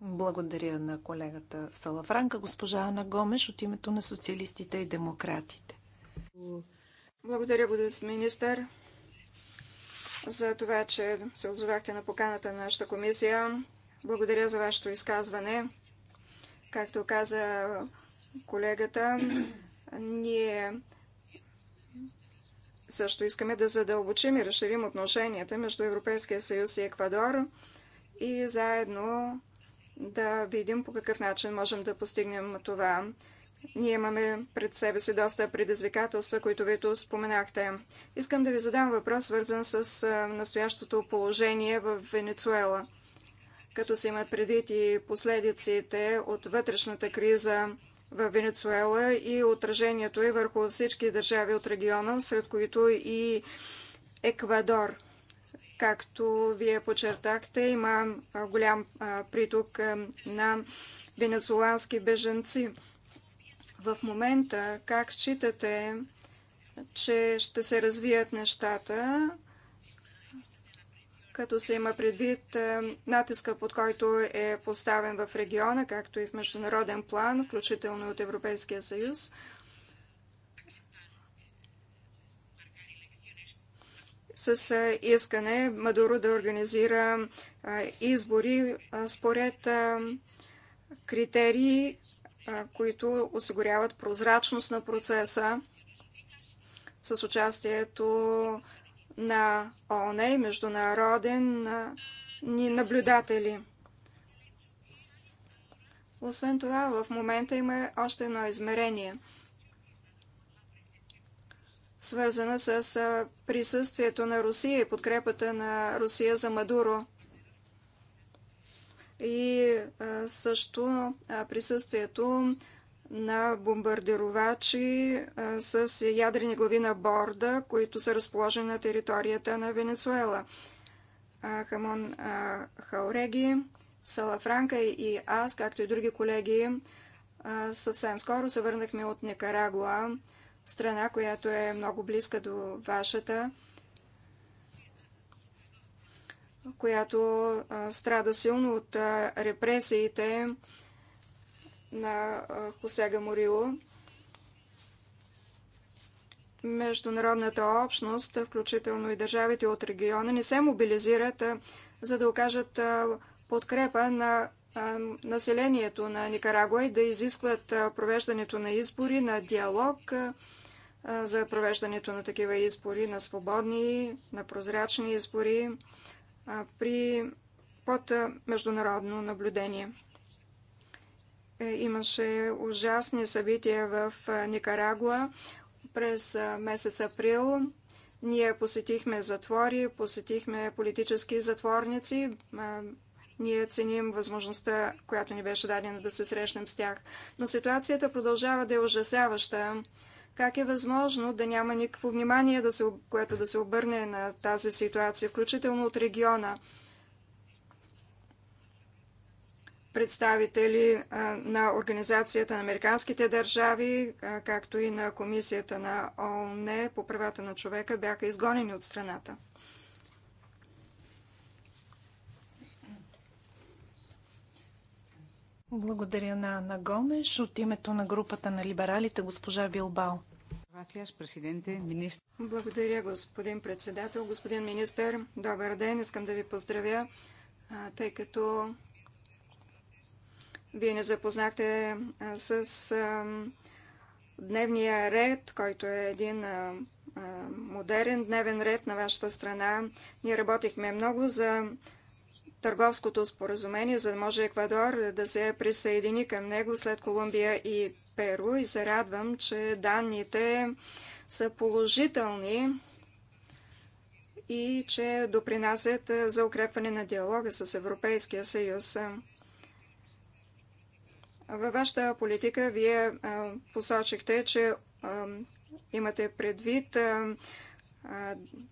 Благодаря на колегата Салафранка, госпожа Ана Гомеш от името на социалистите и демократите. Благодаря, господин министър, за това, че се отзовахте на поканата на нашата комисия. Благодаря за вашето изказване. Както каза колегата, ние също искаме да задълбочим и разширим отношенията между Европейския съюз и Еквадор и заедно да видим по какъв начин можем да постигнем това. Ние имаме пред себе си доста предизвикателства, които вие споменахте. Искам да ви задам въпрос, свързан с настоящото положение в Венецуела – като се имат предвид и последиците от вътрешната криза в Венецуела и отражението е върху всички държави от региона, сред които и Еквадор. Както вие подчертахте, има голям приток на венецуелански беженци. В момента как считате, че ще се развият нещата като се има предвид е, натиска, под който е поставен в региона, както и в международен план, включително от Европейския съюз. С е, искане Мадуро да организира е, избори според критерии, които осигуряват прозрачност на процеса с участието на ООН и международен ни наблюдатели. Освен това, в момента има още едно измерение, свързано с присъствието на Русия и подкрепата на Русия за Мадуро. И също присъствието на бомбардировачи с ядрени глави на борда, които са разположени на територията на Венецуела. Хамон Хауреги, Салафранка и аз, както и други колеги, съвсем скоро се върнахме от Никарагуа, страна, която е много близка до вашата, която страда силно от репресиите, на Хосега Морило. Международната общност, включително и държавите от региона, не се мобилизират, за да окажат подкрепа на населението на Никарагуа и да изискват провеждането на избори, на диалог за провеждането на такива избори, на свободни, на прозрачни избори при, под международно наблюдение. Е, имаше ужасни събития в е, Никарагуа през е, месец април. Ние посетихме затвори, посетихме политически затворници. Ние ценим възможността, която ни беше дадена да се срещнем с тях. Но ситуацията продължава да е ужасяваща. Как е възможно да няма никакво внимание, да се, което да се обърне на тази ситуация, включително от региона? представители на Организацията на Американските държави, както и на Комисията на ООН по правата на човека бяха изгонени от страната. Благодаря на Анна Гомеш. От името на групата на либералите госпожа Билбао. Благодаря, господин председател. Господин министър, добър ден. Искам да ви поздравя, тъй като вие не запознахте с дневния ред, който е един модерен дневен ред на вашата страна. Ние работихме много за търговското споразумение, за да може Еквадор да се присъедини към него след Колумбия и Перу и се радвам, че данните са положителни и че допринасят за укрепване на диалога с Европейския съюз. Във вашата политика вие посочихте, че имате предвид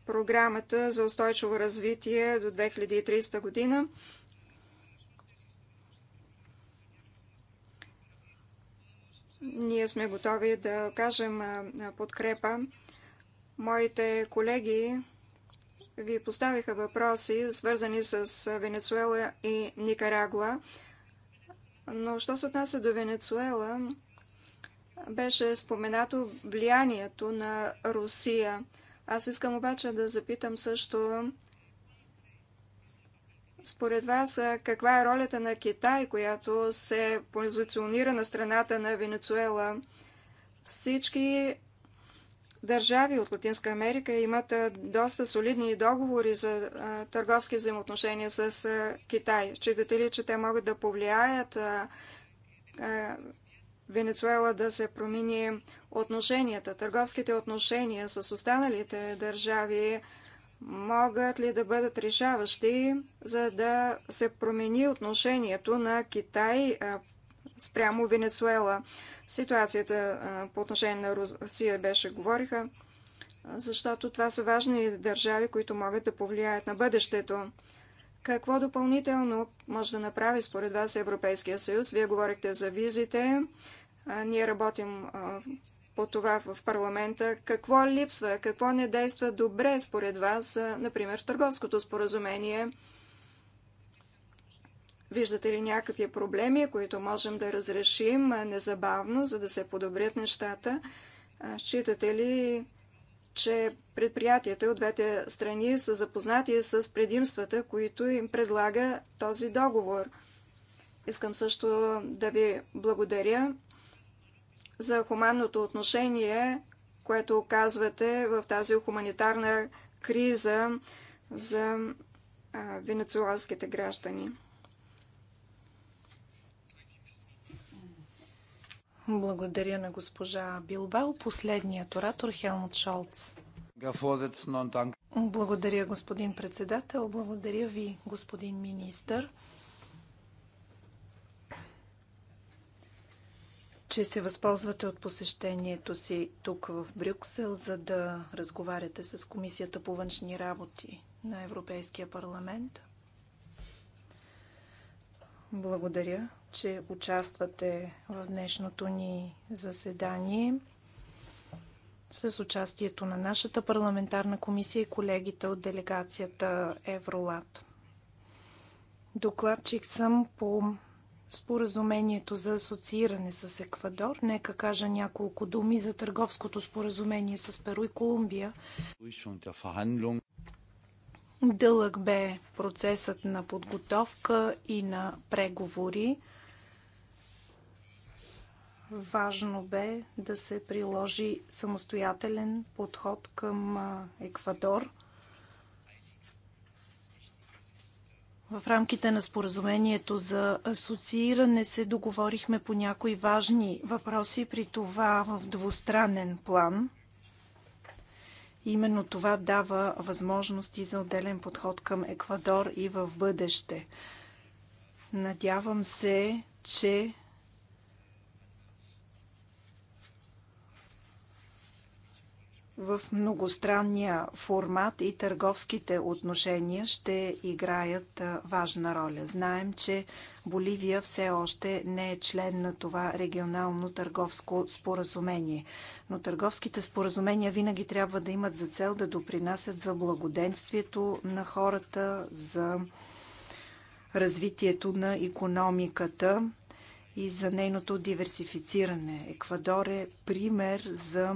програмата за устойчиво развитие до 2030 година. Ние сме готови да кажем подкрепа. Моите колеги ви поставиха въпроси, свързани с Венецуела и Никарагуа. Но що се отнася до Венецуела, беше споменато влиянието на Русия. Аз искам обаче да запитам също, според вас, каква е ролята на Китай, която се позиционира на страната на Венецуела? Всички държави от Латинска Америка имат доста солидни договори за търговски взаимоотношения с Китай. Считате ли, че те могат да повлияят Венецуела да се промени отношенията, търговските отношения с останалите държави могат ли да бъдат решаващи, за да се промени отношението на Китай спрямо Венецуела? Ситуацията по отношение на Русия беше, говориха, защото това са важни държави, които могат да повлияят на бъдещето. Какво допълнително може да направи според вас Европейския съюз? Вие говорихте за визите. Ние работим по това в парламента. Какво липсва? Какво не действа добре според вас, например, в търговското споразумение? Виждате ли някакви проблеми, които можем да разрешим незабавно, за да се подобрят нещата? Считате ли, че предприятията от двете страни са запознати с предимствата, които им предлага този договор? Искам също да ви благодаря за хуманното отношение, което оказвате в тази хуманитарна криза за венецуалските граждани. Благодаря на госпожа Билбао. Последният оратор Хелмут Шолц. Благодаря, господин председател. Благодаря ви, господин министър, че се възползвате от посещението си тук в Брюксел, за да разговаряте с Комисията по външни работи на Европейския парламент. Благодаря, че участвате в днешното ни заседание с участието на нашата парламентарна комисия и колегите от делегацията Евролат. Докладчик съм по споразумението за асоцииране с Еквадор. Нека кажа няколко думи за търговското споразумение с Перу и Колумбия. Дълъг бе процесът на подготовка и на преговори. Важно бе да се приложи самостоятелен подход към Еквадор. В рамките на споразумението за асоцииране се договорихме по някои важни въпроси, при това в двустранен план. Именно това дава възможности за отделен подход към Еквадор и в бъдеще. Надявам се, че в многостранния формат и търговските отношения ще играят важна роля. Знаем, че Боливия все още не е член на това регионално търговско споразумение. Но търговските споразумения винаги трябва да имат за цел да допринасят за благоденствието на хората, за развитието на економиката и за нейното диверсифициране. Еквадор е пример за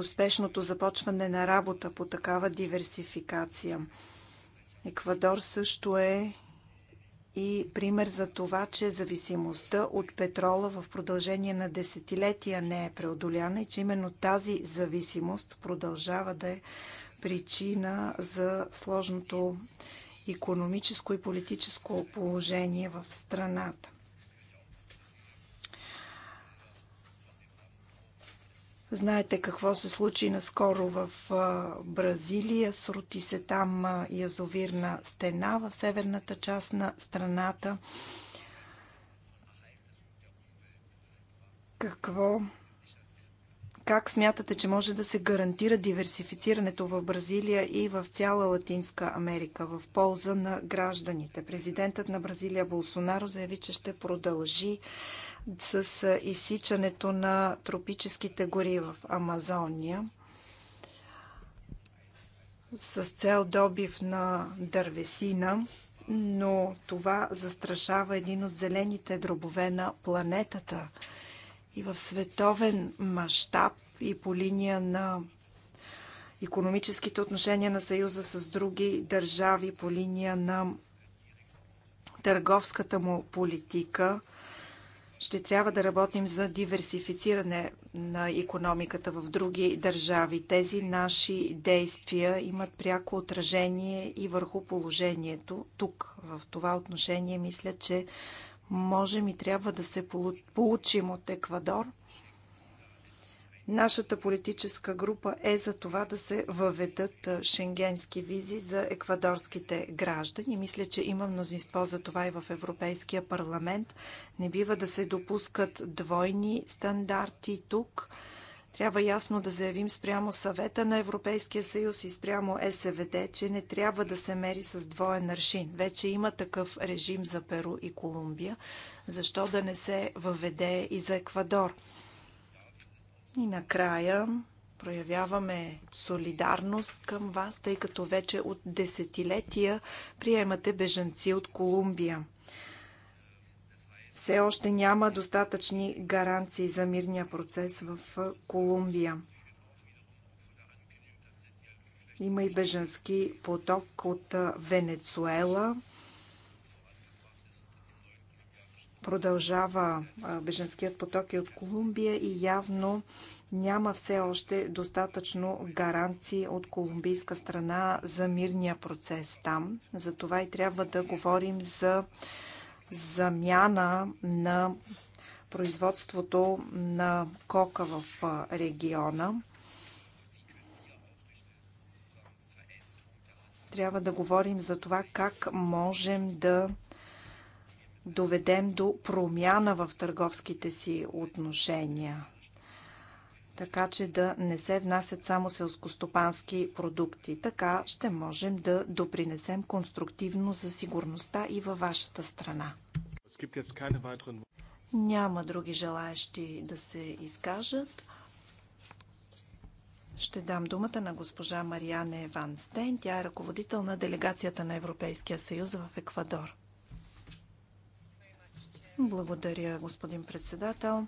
успешното започване на работа по такава диверсификация. Еквадор също е и пример за това, че зависимостта от петрола в продължение на десетилетия не е преодоляна и че именно тази зависимост продължава да е причина за сложното економическо и политическо положение в страната. Знаете какво се случи наскоро в Бразилия. Срути се там язовирна стена в северната част на страната. Какво как смятате, че може да се гарантира диверсифицирането в Бразилия и в цяла Латинска Америка в полза на гражданите? Президентът на Бразилия Болсонаро заяви, че ще продължи с изсичането на тропическите гори в Амазония с цел добив на дървесина, но това застрашава един от зелените дробове на планетата. И в световен мащаб и по линия на економическите отношения на Съюза с други държави, по линия на търговската му политика, ще трябва да работим за диверсифициране на економиката в други държави. Тези наши действия имат пряко отражение и върху положението тук. В това отношение мисля, че можем и трябва да се получим от Еквадор. Нашата политическа група е за това да се въведат шенгенски визи за еквадорските граждани. Мисля, че има мнозинство за това и в Европейския парламент. Не бива да се допускат двойни стандарти тук. Трябва ясно да заявим спрямо съвета на Европейския съюз и спрямо СВД, че не трябва да се мери с двоен аршин. Вече има такъв режим за Перу и Колумбия. Защо да не се въведе и за Еквадор? И накрая проявяваме солидарност към вас, тъй като вече от десетилетия приемате бежанци от Колумбия. Все още няма достатъчни гаранции за мирния процес в Колумбия. Има и бежански поток от Венецуела. Продължава беженският поток и от Колумбия и явно няма все още достатъчно гаранции от колумбийска страна за мирния процес там. Затова и трябва да говорим за замяна на производството на кока в региона. Трябва да говорим за това как можем да доведем до промяна в търговските си отношения. Така че да не се внасят само селскостопански продукти. Така ще можем да допринесем конструктивно за сигурността и във вашата страна. Няма други желаящи да се изкажат. Ще дам думата на госпожа Марияне Ван Стейн. Тя е ръководител на делегацията на Европейския съюз в Еквадор. Благодаря, господин председател.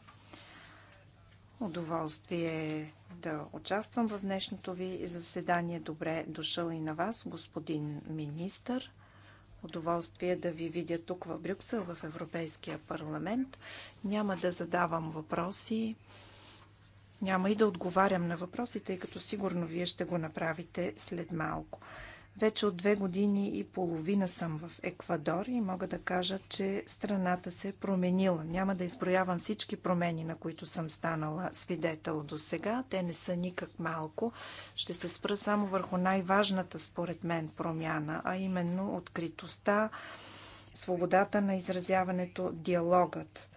Удоволствие да участвам в днешното ви заседание. Добре дошъл и на вас, господин министър. Удоволствие да ви видя тук в Брюксел, в Европейския парламент. Няма да задавам въпроси. Няма и да отговарям на въпросите, тъй като сигурно вие ще го направите след малко. Вече от две години и половина съм в Еквадор и мога да кажа, че страната се е променила. Няма да изброявам всички промени, на които съм станала свидетел до сега. Те не са никак малко. Ще се спра само върху най-важната, според мен, промяна, а именно откритостта, свободата на изразяването, диалогът.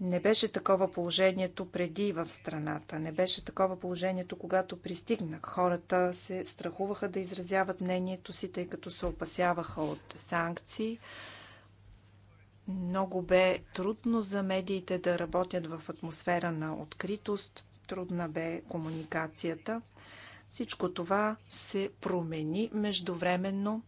Не беше такова положението преди в страната. Не беше такова положението, когато пристигнах. Хората се страхуваха да изразяват мнението си, тъй като се опасяваха от санкции. Много бе трудно за медиите да работят в атмосфера на откритост. Трудна бе комуникацията. Всичко това се промени междувременно.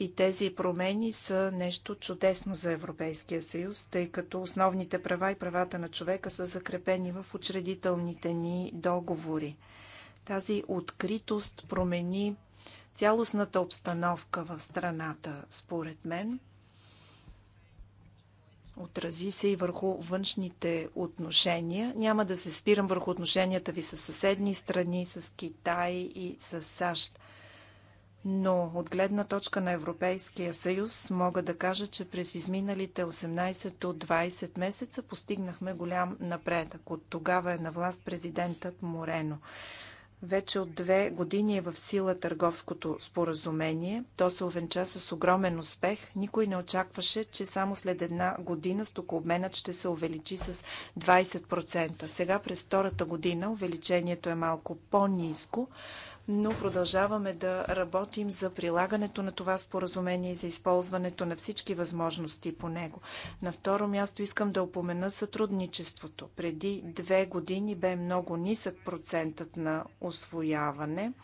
И тези промени са нещо чудесно за Европейския съюз, тъй като основните права и правата на човека са закрепени в учредителните ни договори. Тази откритост промени цялостната обстановка в страната, според мен. Отрази се и върху външните отношения. Няма да се спирам върху отношенията ви с съседни страни, с Китай и с САЩ но от гледна точка на Европейския съюз мога да кажа, че през изминалите 18 до 20 месеца постигнахме голям напредък. От тогава е на власт президентът Морено. Вече от две години е в сила търговското споразумение. То се овенча с огромен успех. Никой не очакваше, че само след една година стокообменът ще се увеличи с 20%. Сега през втората година увеличението е малко по-низко, но продължаваме да работим за прилагането на това споразумение и за използването на всички възможности по него. На второ място искам да упомена сътрудничеството. Преди две години бе много нисък процентът на освояване –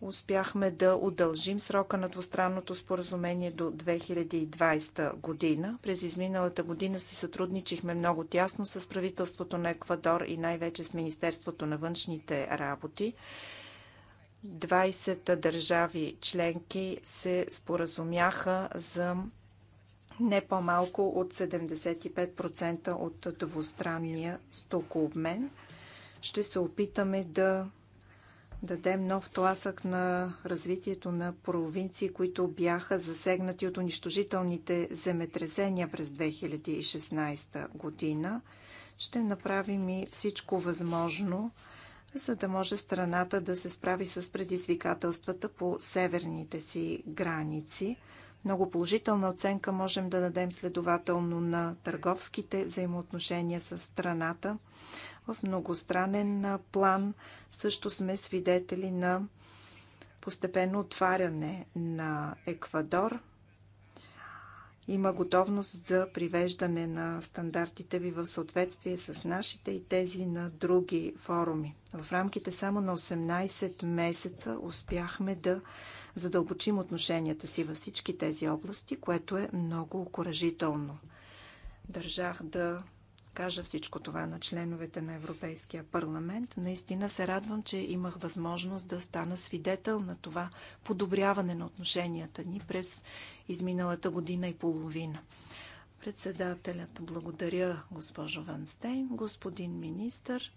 успяхме да удължим срока на двустранното споразумение до 2020 година. През изминалата година си сътрудничихме много тясно с правителството на Еквадор и най-вече с Министерството на външните работи. 20 държави членки се споразумяха за не по-малко от 75% от двустранния стокообмен. Ще се опитаме да дадем нов тласък на развитието на провинции, които бяха засегнати от унищожителните земетресения през 2016 година. Ще направим и всичко възможно, за да може страната да се справи с предизвикателствата по северните си граници. Много положителна оценка можем да дадем следователно на търговските взаимоотношения с страната в многостранен план също сме свидетели на постепенно отваряне на Еквадор. Има готовност за привеждане на стандартите ви в съответствие с нашите и тези на други форуми. В рамките само на 18 месеца успяхме да задълбочим отношенията си във всички тези области, което е много окоръжително. Държах да кажа всичко това на членовете на Европейския парламент. Наистина се радвам, че имах възможност да стана свидетел на това подобряване на отношенията ни през изминалата година и половина. Председателят, благодаря госпожо Ванстейн, господин министър.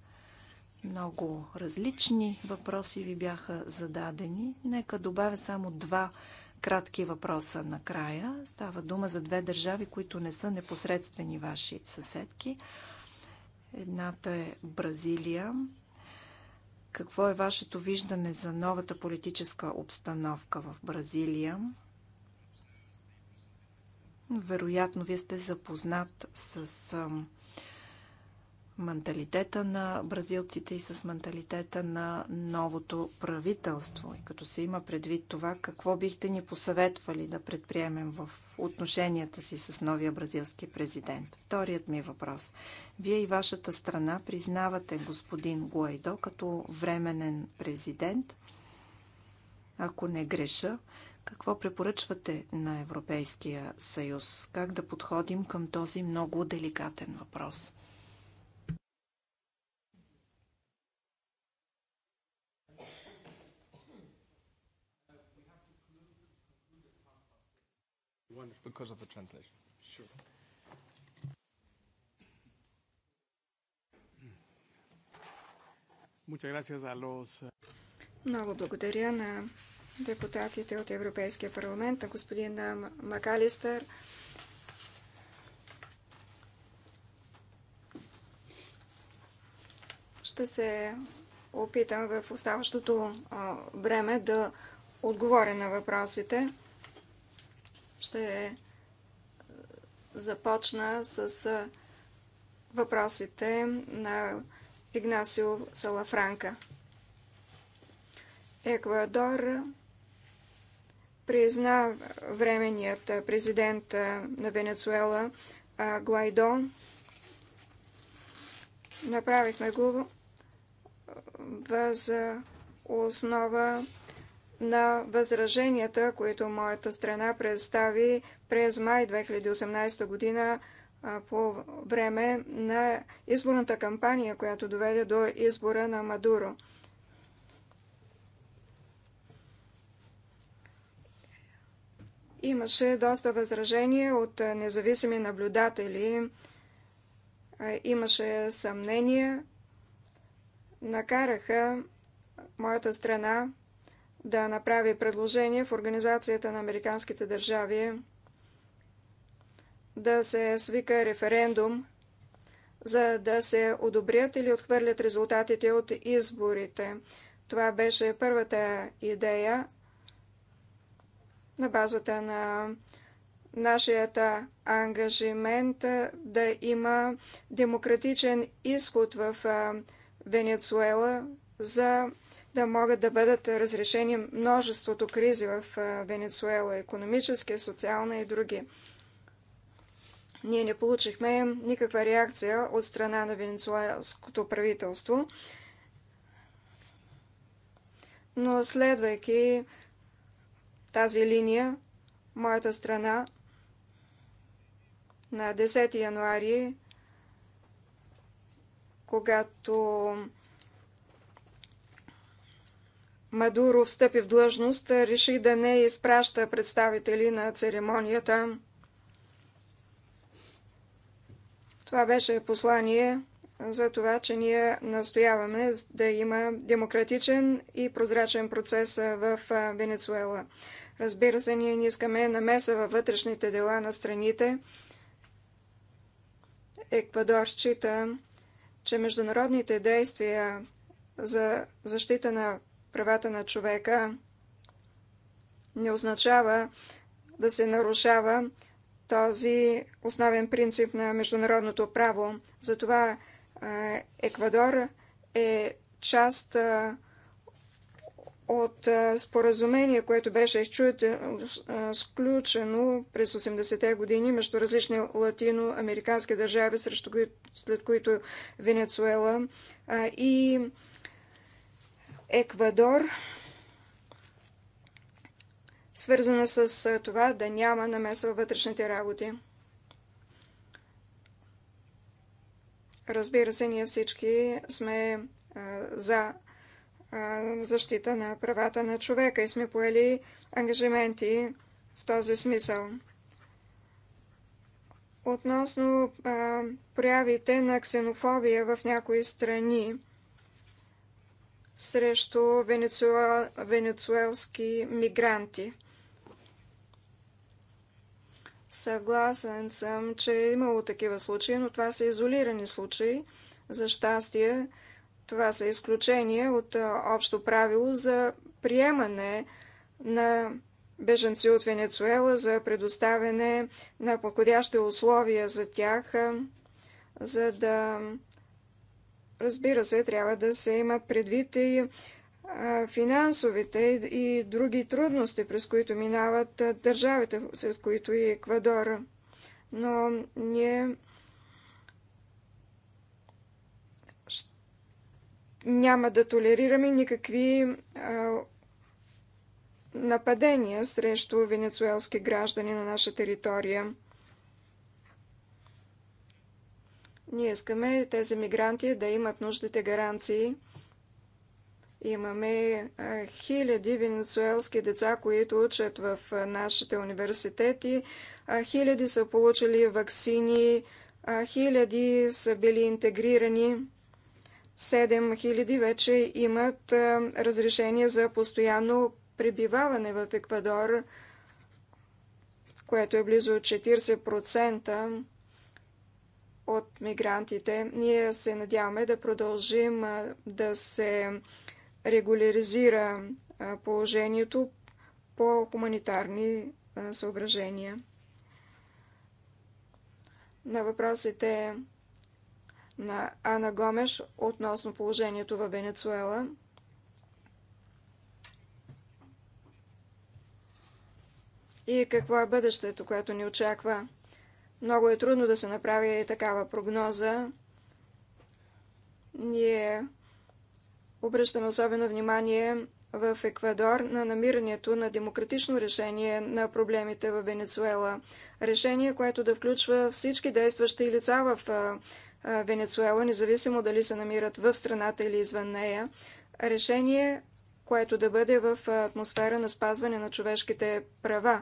Много различни въпроси ви бяха зададени. Нека добавя само два кратки въпроса накрая. Става дума за две държави, които не са непосредствени ваши съседки. Едната е Бразилия. Какво е вашето виждане за новата политическа обстановка в Бразилия? Вероятно, вие сте запознат с менталитета на бразилците и с менталитета на новото правителство. И като се има предвид това, какво бихте ни посъветвали да предприемем в отношенията си с новия бразилски президент? Вторият ми въпрос. Вие и вашата страна признавате господин Гуайдо като временен президент. Ако не греша, какво препоръчвате на Европейския съюз? Как да подходим към този много деликатен въпрос? Wonderful. Because of the translation. Sure. Hmm. Muchas gracias a los... Eh, Много благодаря на депутатите от Европейския парламент, на господин Макалистър. Ще се опитам в оставащото време да отговоря на въпросите. Ще започна с въпросите на Игнасио Салафранка. Еквадор призна временният президент на Венецуела Гуайдо. Направихме го въз основа на възраженията, които моята страна представи през май 2018 година по време на изборната кампания, която доведе до избора на Мадуро. Имаше доста възражения от независими наблюдатели. Имаше съмнения. Накараха моята страна да направи предложение в Организацията на Американските държави да се свика референдум, за да се одобрят или отхвърлят резултатите от изборите. Това беше първата идея на базата на нашият ангажимент да има демократичен изход в Венецуела за да могат да бъдат разрешени множеството кризи в Венецуела, економически, социална и други. Ние не получихме никаква реакция от страна на венецуелското правителство, но следвайки тази линия, моята страна на 10 януари, когато Мадуро встъпи в длъжност, реши да не изпраща представители на церемонията. Това беше послание за това, че ние настояваме да има демократичен и прозрачен процес в Венецуела. Разбира се, ние не искаме намеса във вътрешните дела на страните. Еквадор счита, че международните действия за защита на правата на човека не означава да се нарушава този основен принцип на международното право. Затова Еквадор е част от споразумение, което беше сключено през 80-те години между различни латиноамерикански държави, срещу след които Венецуела и Еквадор, свързана с това да няма намеса във вътрешните работи. Разбира се, ние всички сме а, за а, защита на правата на човека и сме поели ангажименти в този смисъл. Относно а, проявите на ксенофобия в някои страни, срещу венецуел... венецуелски мигранти. Съгласен съм, че е имало такива случаи, но това са изолирани случаи. За щастие, това са изключения от общо правило за приемане на беженци от Венецуела, за предоставяне на подходящи условия за тях, за да Разбира се, трябва да се имат предвид и финансовите и други трудности, през които минават държавите, след които и Еквадор. Но ние няма да толерираме никакви нападения срещу венецуелски граждани на наша територия. Ние искаме тези мигранти да имат нуждите гаранции. Имаме хиляди венецуелски деца, които учат в нашите университети. Хиляди са получили вакцини, хиляди са били интегрирани. 7000 вече имат разрешение за постоянно пребиваване в Еквадор, което е близо 40% от мигрантите. Ние се надяваме да продължим да се регуляризира положението по хуманитарни съображения. На въпросите на Ана Гомеш относно положението във Венецуела. И какво е бъдещето, което ни очаква? Много е трудно да се направи такава прогноза. Ние обръщаме особено внимание в Еквадор на намирането на демократично решение на проблемите в Венецуела. Решение, което да включва всички действащи лица в Венецуела, независимо дали се намират в страната или извън нея. Решение, което да бъде в атмосфера на спазване на човешките права.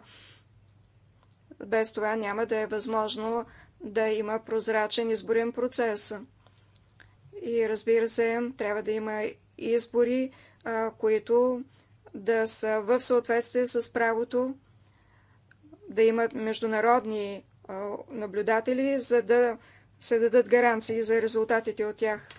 Без това няма да е възможно да има прозрачен изборен процес. И разбира се, трябва да има избори, които да са в съответствие с правото, да имат международни наблюдатели, за да се дадат гаранции за резултатите от тях.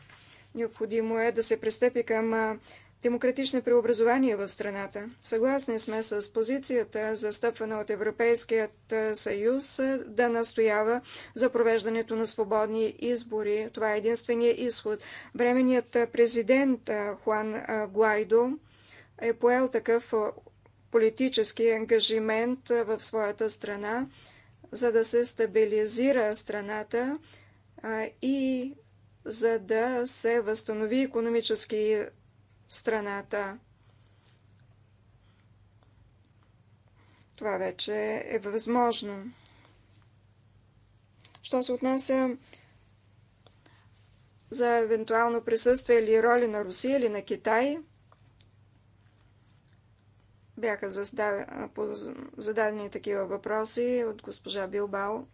Необходимо е да се пристъпи към демократични преобразования в страната. Съгласни сме с позицията, застъпвана от Европейският е, съюз, е, да настоява за провеждането на свободни избори. Това е единствения изход. Временният е, президент Хуан Гуайдо е поел такъв политически ангажимент в своята страна, за да се стабилизира страната и за да се възстанови економически страната. Това вече е възможно. Що се отнася за евентуално присъствие или роли на Русия или на Китай, бяха зададени такива въпроси от госпожа Билбао.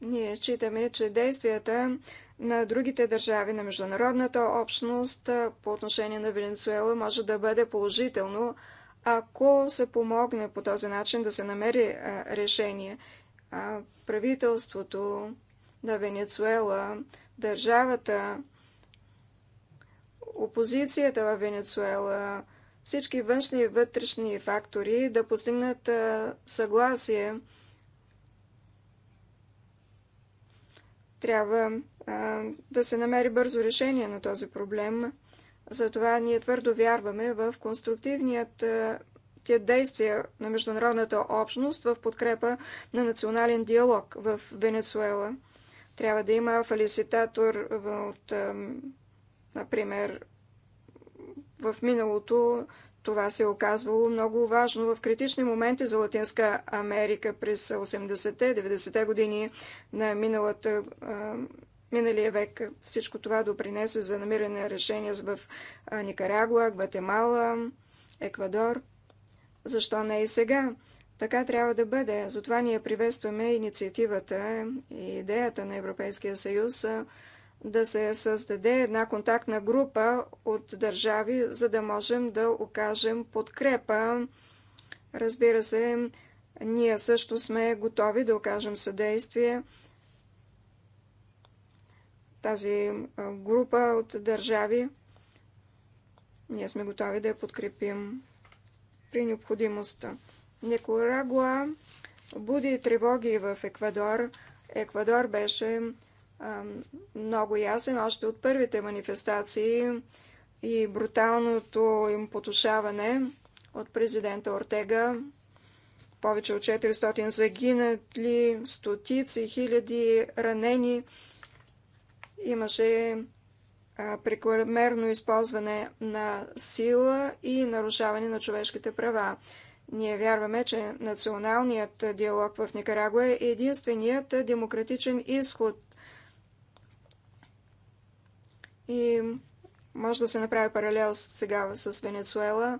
Ние читаме, че действията на другите държави, на международната общност по отношение на Венецуела може да бъде положително, ако се помогне по този начин да се намери решение. Правителството на Венецуела, държавата, опозицията в Венецуела, всички външни и вътрешни фактори да постигнат съгласие Трябва а, да се намери бързо решение на този проблем. Затова ние твърдо вярваме в конструктивният тия действия на международната общност в подкрепа на национален диалог в Венецуела. Трябва да има фалиситатор от, например, в миналото това се е оказвало много важно в критични моменти за Латинска Америка през 80-те, 90-те години на миналата, миналия век. Всичко това допринесе за намиране на решения в Никарагуа, Гватемала, Еквадор. Защо не и сега? Така трябва да бъде. Затова ние приветстваме инициативата и идеята на Европейския съюз да се създаде една контактна група от държави, за да можем да окажем подкрепа. Разбира се, ние също сме готови да окажем съдействие. Тази група от държави, ние сме готови да я подкрепим при необходимостта. Никарагуа буди тревоги в Еквадор. Еквадор беше много ясен още от първите манифестации и бруталното им потушаване от президента Ортега. Повече от 400 загинали, стотици, хиляди ранени. Имаше прекомерно използване на сила и нарушаване на човешките права. Ние вярваме, че националният диалог в Никарагуа е единственият демократичен изход и може да се направи паралел сега с Венецуела.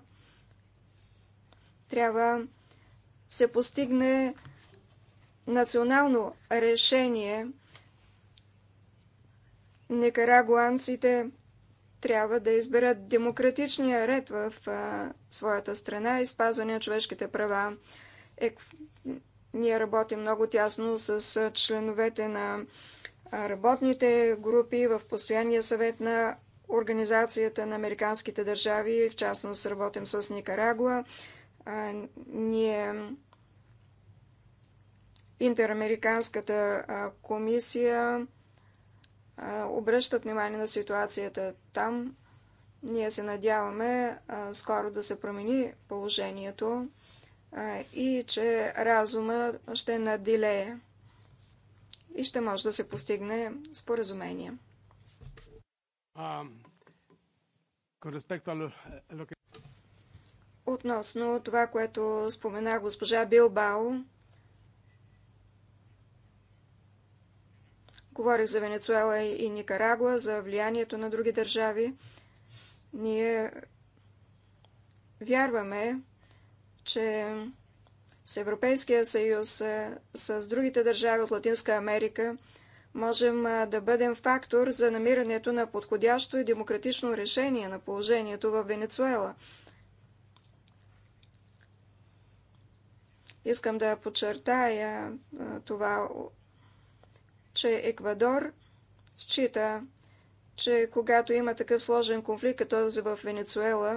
Трябва се постигне национално решение. Никарагуанците трябва да изберат демократичния ред в а, своята страна и спазване на човешките права. Е, ние работим много тясно с членовете на работните групи в постоянния съвет на Организацията на американските държави, в частност работим с Никарагуа. Ние Интерамериканската комисия обръщат внимание на ситуацията там. Ние се надяваме скоро да се промени положението и че разума ще наделее и ще може да се постигне споразумение. Um, Относно това, което спомена госпожа Билбао, говорих за Венецуела и Никарагуа, за влиянието на други държави. Ние вярваме, че с Европейския съюз, е, с другите държави от Латинска Америка, можем е, да бъдем фактор за намирането на подходящо и демократично решение на положението в Венецуела. Искам да подчертая е, това, че Еквадор счита, че когато има такъв сложен конфликт, като този в Венецуела,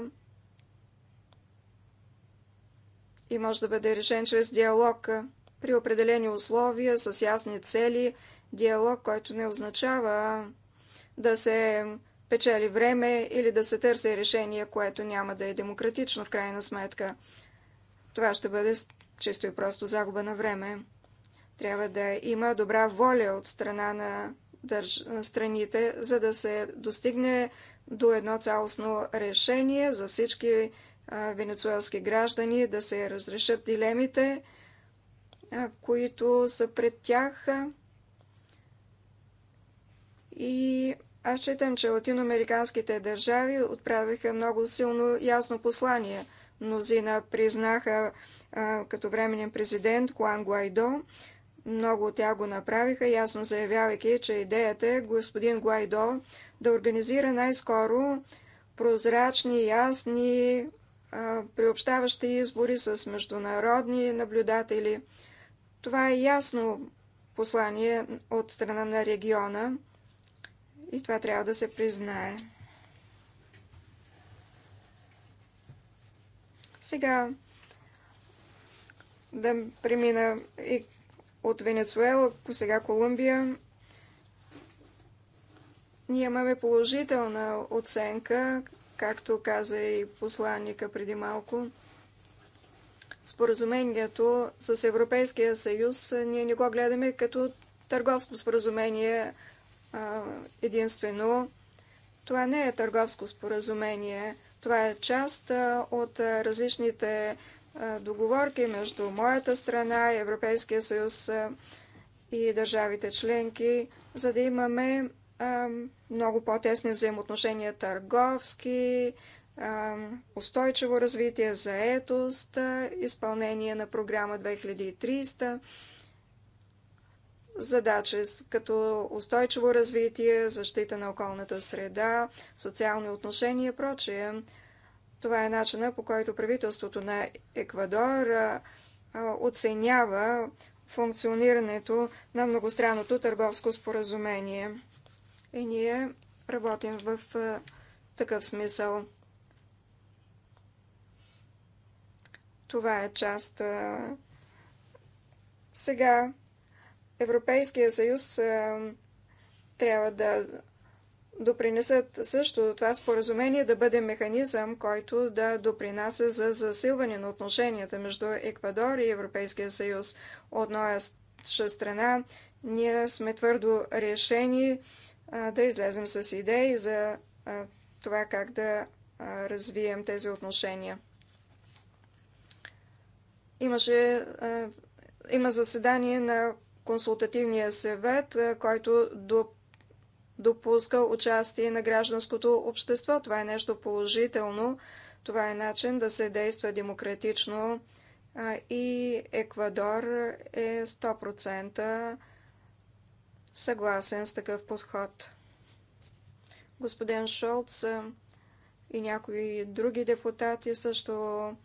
и може да бъде решен чрез диалог при определени условия, с ясни цели, диалог, който не означава да се печели време или да се търси решение, което няма да е демократично в крайна сметка. Това ще бъде чисто и просто загуба на време. Трябва да има добра воля от страна на държ... страните, за да се достигне до едно цялостно решение за всички венецуелски граждани, да се разрешат дилемите, които са пред тях. И аз считам, че латиноамериканските държави отправиха много силно ясно послание. Мнозина признаха като временен президент Хуан Гуайдо. Много от тях го направиха, ясно заявявайки, че идеята е господин Гуайдо да организира най-скоро прозрачни, ясни, приобщаващи избори с международни наблюдатели. Това е ясно послание от страна на региона и това трябва да се признае. Сега да премина и от Венецуела, сега Колумбия. Ние имаме положителна оценка както каза и посланника преди малко. Споразумението с Европейския съюз ние не го гледаме като търговско споразумение единствено. Това не е търговско споразумение. Това е част от различните договорки между моята страна и Европейския съюз и държавите членки, за да имаме много по-тесни взаимоотношения търговски, устойчиво развитие, заетост, изпълнение на програма 2300, задачи като устойчиво развитие, защита на околната среда, социални отношения и прочие. Това е начина по който правителството на Еквадор оценява функционирането на многостранното търговско споразумение и ние работим в такъв смисъл. Това е част. Сега Европейския съюз трябва да допринесат също това споразумение да бъде механизъм, който да допринася за засилване на отношенията между Еквадор и Европейския съюз. От наша страна ние сме твърдо решени да излезем с идеи за това как да развием тези отношения. Имаше, има заседание на консултативния съвет, който допуска участие на гражданското общество. Това е нещо положително. Това е начин да се действа демократично и Еквадор е 100% съгласен с такъв подход. Господин Шолц и някои други депутати също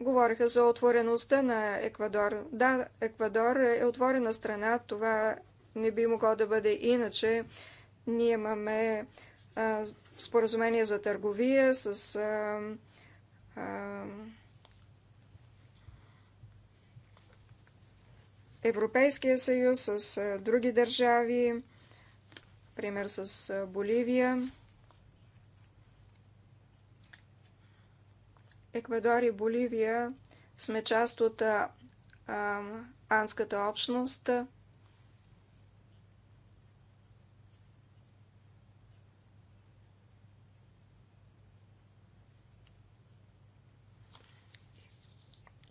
говориха за отвореността на Еквадор. Да, Еквадор е отворена страна, това не би могло да бъде иначе. Ние имаме споразумение за търговия с а, Европейския съюз, с други държави, пример с Боливия. Еквадор и Боливия сме част от а, анската общност –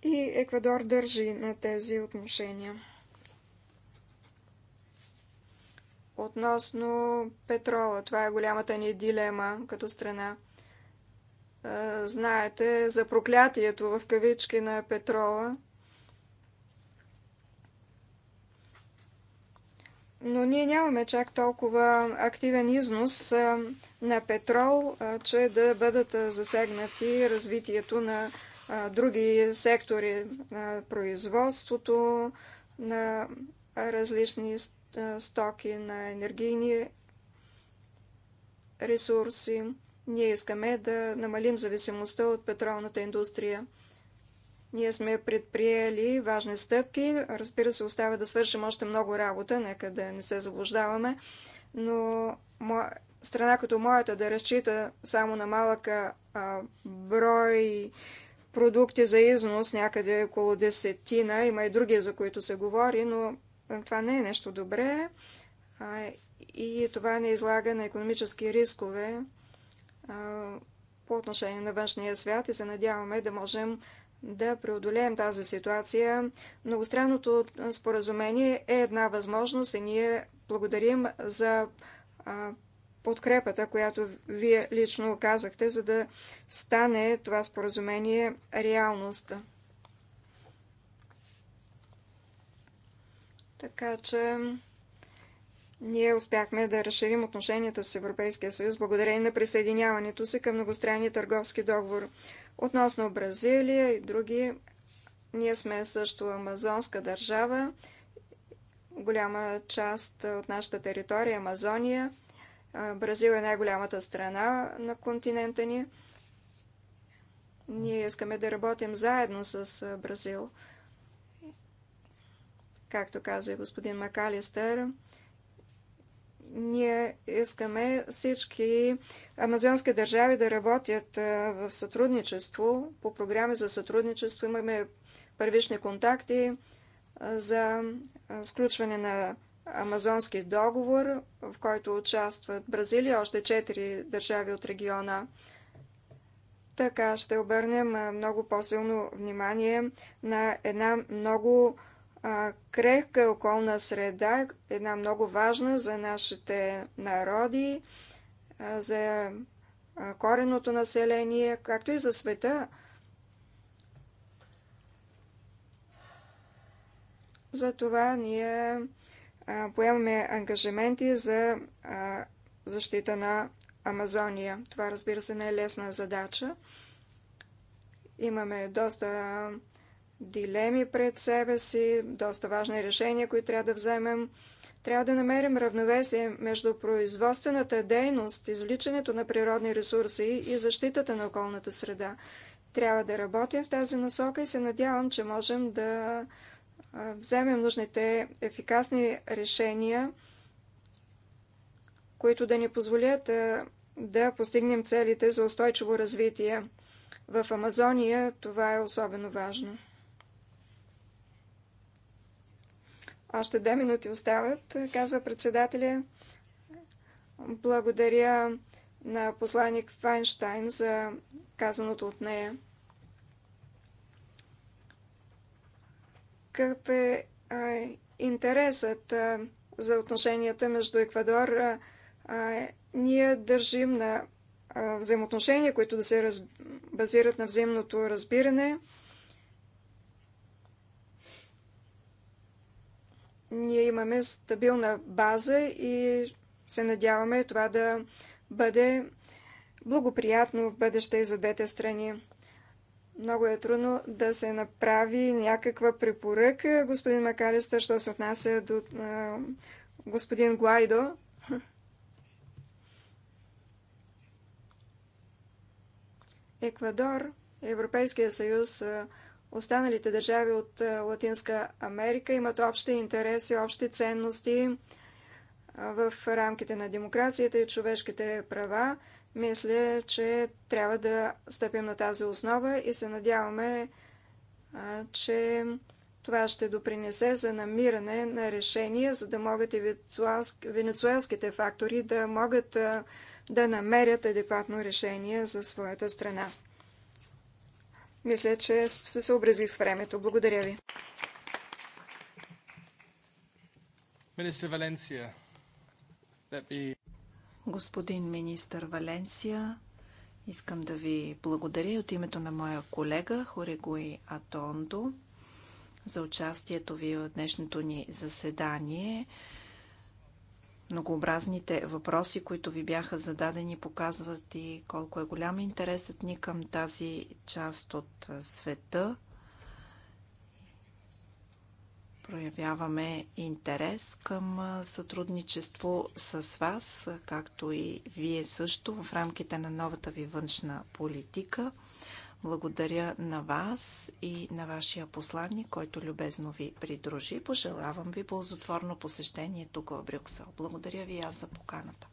и Еквадор държи на тези отношения. Относно петрола, това е голямата ни дилема като страна. Знаете за проклятието в кавички на петрола. Но ние нямаме чак толкова активен износ на петрол, че да бъдат засегнати развитието на други сектори, на производството на различни стоки, на енергийни ресурси. Ние искаме да намалим зависимостта от петролната индустрия. Ние сме предприели важни стъпки. Разбира се, остава да свършим още много работа, нека да не се заблуждаваме, но страна като моята да разчита само на малък брой продукти за износ, някъде около десетина. Има и други, за които се говори, но това не е нещо добре и това не излага на економически рискове по отношение на външния свят и се надяваме да можем да преодолеем тази ситуация. Многостранното споразумение е една възможност и ние благодарим за подкрепата, която вие лично оказахте, за да стане това споразумение реалност. Така че ние успяхме да разширим отношенията с Европейския съюз благодарение на присъединяването си към многостранния търговски договор. Относно Бразилия и други, ние сме също амазонска държава. Голяма част от нашата територия е Амазония – Бразил е най-голямата страна на континента ни. Ние искаме да работим заедно с Бразил. Както каза и господин Макалистър, ние искаме всички амазонски държави да работят в сътрудничество, по програми за сътрудничество. Имаме първични контакти за сключване на Амазонски договор, в който участват Бразилия, още четири държави от региона. Така ще обърнем много по-силно внимание на една много крехка околна среда, една много важна за нашите народи, за кореното население, както и за света. Затова ние поемаме ангажименти за защита на Амазония. Това, разбира се, не е лесна задача. Имаме доста дилеми пред себе си, доста важни решения, които трябва да вземем. Трябва да намерим равновесие между производствената дейност, извличането на природни ресурси и защитата на околната среда. Трябва да работим в тази насока и се надявам, че можем да вземем нужните ефикасни решения, които да ни позволят да постигнем целите за устойчиво развитие. В Амазония това е особено важно. Още две минути остават, казва председателя. Благодаря на посланник Файнштайн за казаното от нея. какъв е интересът за отношенията между Еквадор. Ние държим на взаимоотношения, които да се раз... базират на взаимното разбиране. Ние имаме стабилна база и се надяваме това да бъде благоприятно в бъдеще и за двете страни. Много е трудно да се направи някаква препоръка. Господин Макалистър, що се отнася до а, господин Гуайдо, Еквадор, Европейския съюз, останалите държави от Латинска Америка имат общи интереси, общи ценности в рамките на демокрацията и човешките права. Мисля, че трябва да стъпим на тази основа и се надяваме, че това ще допринесе за намиране на решения, за да могат и венецуелските фактори да могат да намерят адекватно решение за своята страна. Мисля, че се съобразих с времето. Благодаря ви. Министър Валенсия, Господин министър Валенсия, искам да ви благодаря от името на моя колега Хорегуи Атондо за участието ви в днешното ни заседание. Многообразните въпроси, които ви бяха зададени, показват и колко е голям интересът ни към тази част от света проявяваме интерес към сътрудничество с вас, както и вие също в рамките на новата ви външна политика. Благодаря на вас и на вашия посланник, който любезно ви придружи. Пожелавам ви ползотворно посещение тук в Брюксел. Благодаря ви аз за поканата.